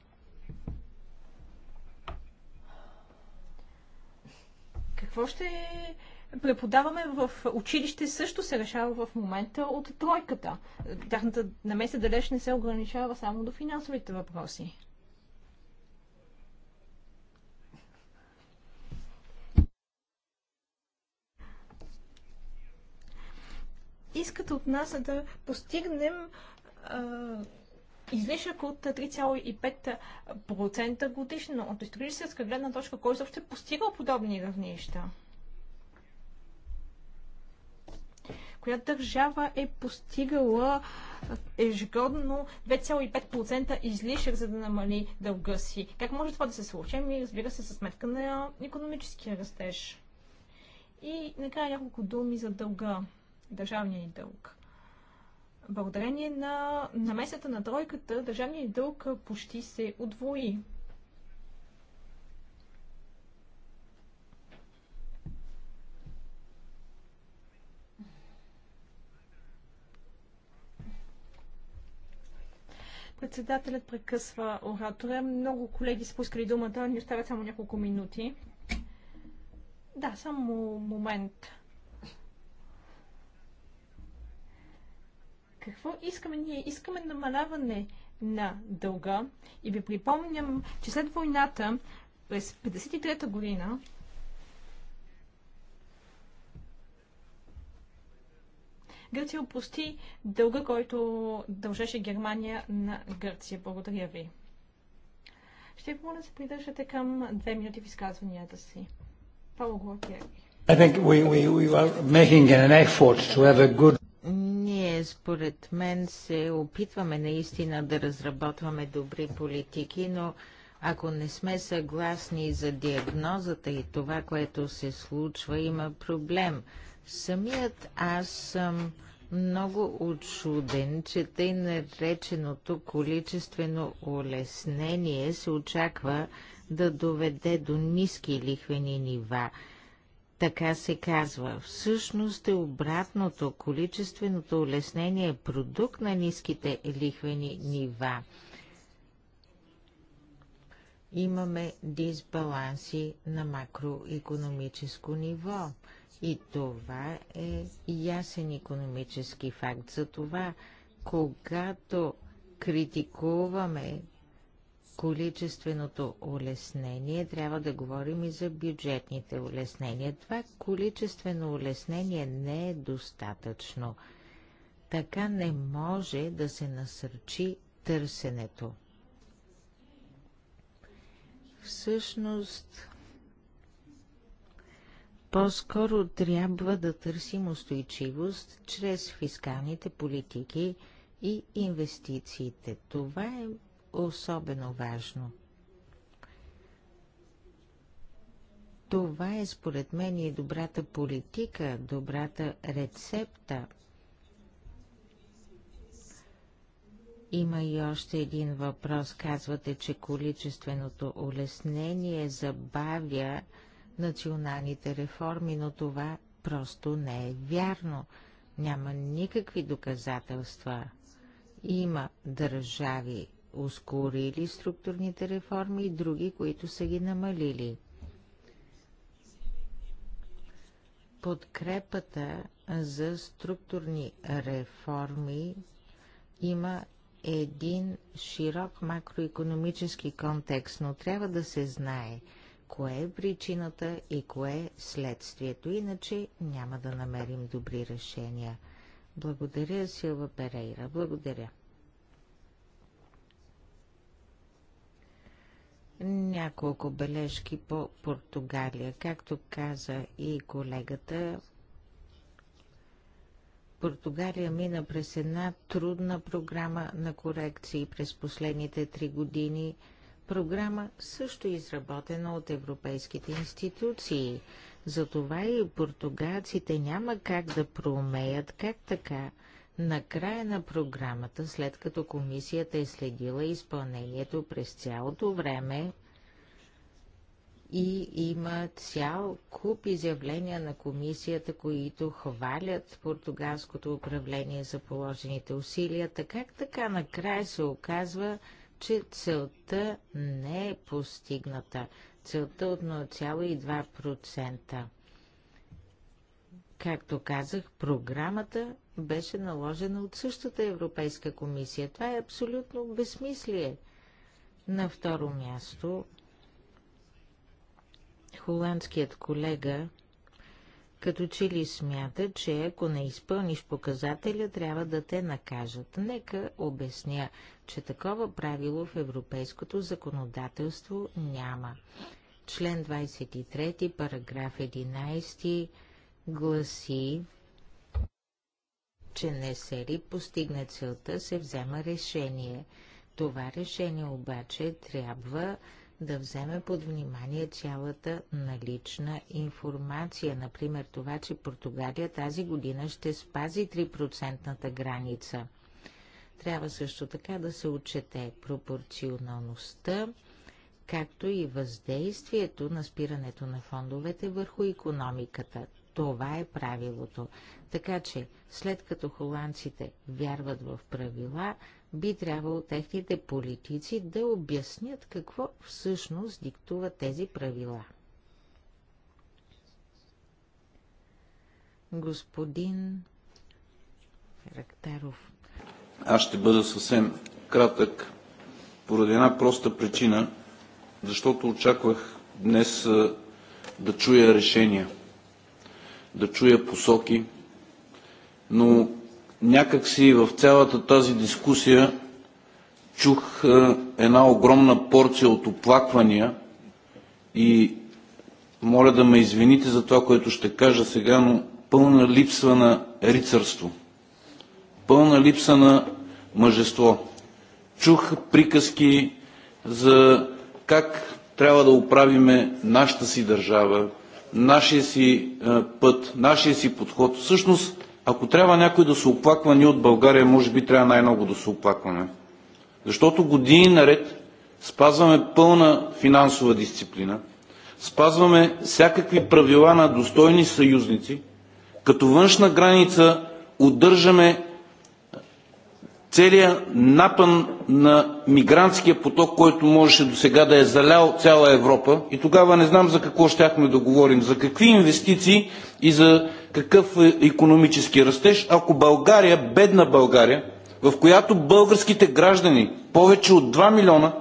Какво ще преподаваме в училище също се решава в момента от тройката. Тяхната намеса далеч не се ограничава само до финансовите въпроси. Искат от нас да постигнем излишък от 3,5% годишно. От историческа гледна точка, кой също е постигал подобни равнища? Коя държава е постигала ежегодно 2,5% излишък, за да намали дълга си? Как може това да се случи? Ами, разбира се, със сметка на економическия растеж. И накрая няколко думи за дълга държавния ни дълг. Благодарение на намесата на тройката, държавният дълг почти се удвои. Председателят прекъсва оратора. Много колеги са поискали думата, ни оставят само няколко минути. Да, само момент. Какво искаме ние? Искаме намаляване на дълга. И ви припомням, че след войната през 1953 година Гърция опусти дълга, който дължеше Германия на Гърция. Благодаря ви. Ще ви помоля да се придържате към две минути в изказванията си. Павло Глотиери. I think we, we, we are making an effort to have a good ние, според мен, се опитваме наистина да разработваме добри политики, но ако не сме съгласни за диагнозата и това, което се случва, има проблем. Самият аз съм много очуден, че тъй нареченото количествено улеснение се очаква да доведе до ниски лихвени нива – така се казва. Всъщност е обратното. Количественото улеснение е продукт на ниските лихвени нива. Имаме дисбаланси на макроекономическо ниво. И това е ясен економически факт. За това, когато критикуваме количественото улеснение, трябва да говорим и за бюджетните улеснения. Това количествено улеснение не е достатъчно. Така не може да се насърчи търсенето. Всъщност, по-скоро трябва да търсим устойчивост чрез фискалните политики и инвестициите. Това е особено важно. Това е според мен и добрата политика, добрата рецепта. Има и още един въпрос. Казвате, че количественото улеснение забавя националните реформи, но това просто не е вярно. Няма никакви доказателства. Има държави ускорили структурните реформи и други, които са ги намалили. Подкрепата за структурни реформи има един широк макроекономически контекст, но трябва да се знае кое е причината и кое е следствието, иначе няма да намерим добри решения. Благодаря, Силва Перейра. Благодаря. Няколко бележки по Португалия. Както каза и колегата, Португалия мина през една трудна програма на корекции през последните три години. Програма също изработена от европейските институции. Затова и португалците няма как да проумеят как така на края на програмата, след като комисията е следила изпълнението през цялото време и има цял куп изявления на комисията, които хвалят португалското управление за положените усилия, така така накрая се оказва, че целта не е постигната. Целта е от 0,2%. Както казах, програмата беше наложена от същата Европейска комисия. Това е абсолютно безсмислие. На второ място, холандският колега като че ли смята, че ако не изпълниш показателя, трябва да те накажат. Нека обясня, че такова правило в европейското законодателство няма. Член 23, параграф 11 гласи, че не се ли постигне целта, се взема решение. Това решение обаче трябва да вземе под внимание цялата налична информация. Например, това, че Португалия тази година ще спази 3 граница. Трябва също така да се отчете пропорционалността, както и въздействието на спирането на фондовете върху економиката. Това е правилото. Така че, след като холандците вярват в правила, би трябвало техните политици да обяснят какво всъщност диктува тези правила. Господин Рактаров. Аз ще бъда съвсем кратък поради една проста причина, защото очаквах днес да чуя решения да чуя посоки, но някак си в цялата тази дискусия чух е, една огромна порция от оплаквания и моля да ме извините за това, което ще кажа сега, но пълна липса на рицарство, пълна липса на мъжество. Чух приказки за как трябва да оправиме нашата си държава, нашия си е, път, нашия си подход. Всъщност, ако трябва някой да се оплаква, ние от България може би трябва най-много да се оплакваме. Защото години наред спазваме пълна финансова дисциплина, спазваме всякакви правила на достойни съюзници, като външна граница удържаме целият напън на мигрантския поток, който можеше до сега да е залял цяла Европа. И тогава не знам за какво щяхме да говорим, за какви инвестиции и за какъв економически растеж, ако България, бедна България, в която българските граждани, повече от 2 милиона,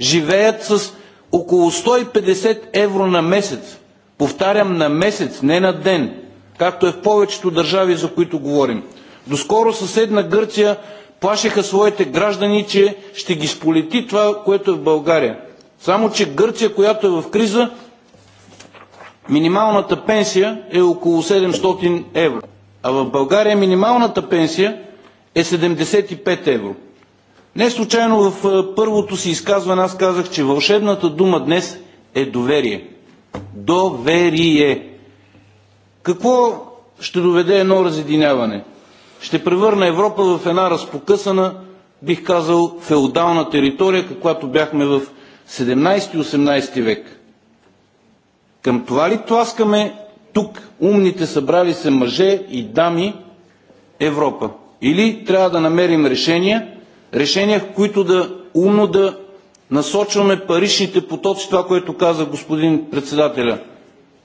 живеят с около 150 евро на месец. Повтарям, на месец, не на ден, както е в повечето държави, за които говорим. Доскоро съседна Гърция плашеха своите граждани, че ще ги сполети това, което е в България. Само, че Гърция, която е в криза, минималната пенсия е около 700 евро. А в България минималната пенсия е 75 евро. Не случайно в първото си изказване аз казах, че вълшебната дума днес е доверие. Доверие. Какво ще доведе едно разединяване? ще превърне Европа в една разпокъсана, бих казал, феодална територия, каквато бяхме в 17-18 век. Към това ли тласкаме тук умните събрали се мъже и дами Европа? Или трябва да намерим решения, решения, в които да умно да насочваме паричните потоци, това, което каза господин председателя.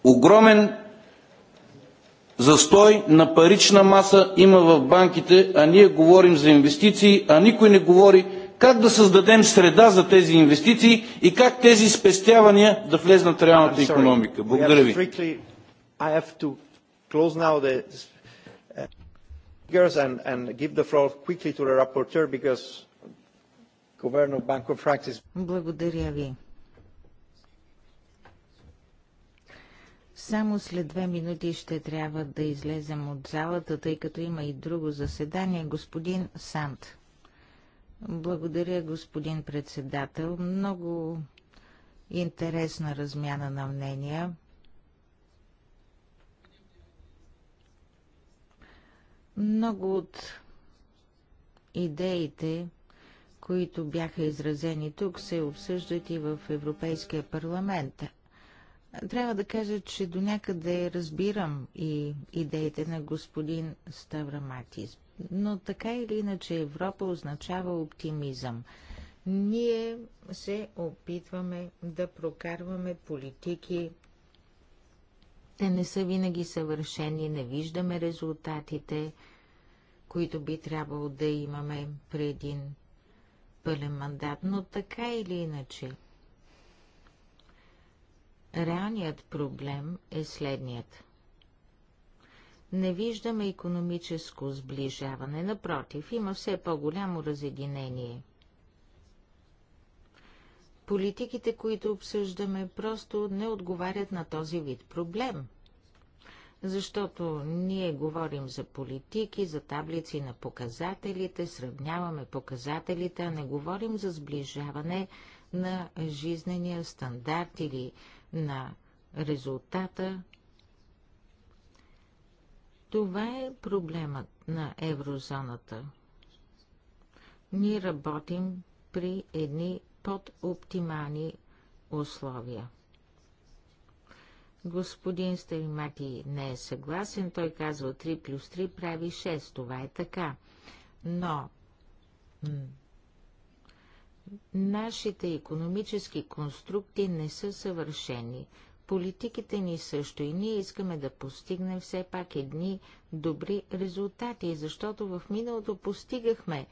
Огромен Застой на парична маса има в банките, а ние говорим за инвестиции, а никой не говори как да създадем среда за тези инвестиции и как тези спестявания да влезнат в реалната економика. Uh, Благодаря ви. Благодаря ви. Само след две минути ще трябва да излезем от залата, тъй като има и друго заседание. Господин Сант. Благодаря, господин председател. Много интересна размяна на мнения. Много от идеите, които бяха изразени тук, се обсъждат и в Европейския парламент. Трябва да кажа, че до някъде разбирам и идеите на господин Ставраматис, но така или иначе Европа означава оптимизъм. Ние се опитваме да прокарваме политики. Те не са винаги съвършени, не виждаме резултатите, които би трябвало да имаме при един пълен мандат, но така или иначе – Реалният проблем е следният. Не виждаме економическо сближаване, напротив, има все по-голямо разединение. Политиките, които обсъждаме, просто не отговарят на този вид проблем. Защото ние говорим за политики, за таблици на показателите, сравняваме показателите, а не говорим за сближаване на жизнения стандарт или на резултата. Това е проблемът на еврозоната. Ние работим при едни подоптимални условия. Господин Старимати не е съгласен. Той казва 3 плюс 3 прави 6. Това е така. Но Нашите економически конструкти не са съвършени. Политиките ни също и ние искаме да постигнем все пак едни добри резултати, защото в миналото постигахме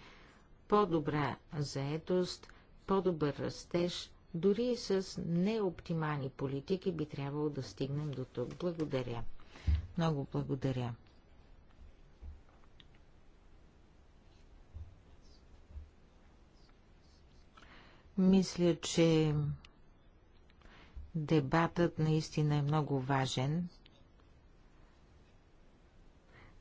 по-добра заетост, по-добър растеж, дори и с неоптимални политики би трябвало да стигнем до тук. Благодаря. Много благодаря. Мисля, че дебатът наистина е много важен,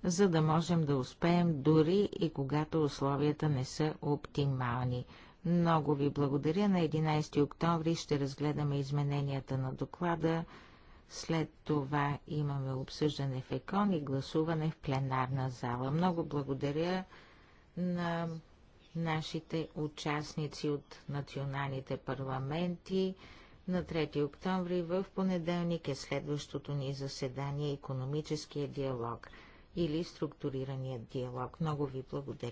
за да можем да успеем дори и когато условията не са оптимални. Много ви благодаря. На 11 октомври ще разгледаме измененията на доклада. След това имаме обсъждане в ЕКОН и гласуване в пленарна зала. Много благодаря на нашите участници от националните парламенти. На 3 октомври в понеделник е следващото ни заседание економическия диалог или структурираният диалог. Много ви благодаря.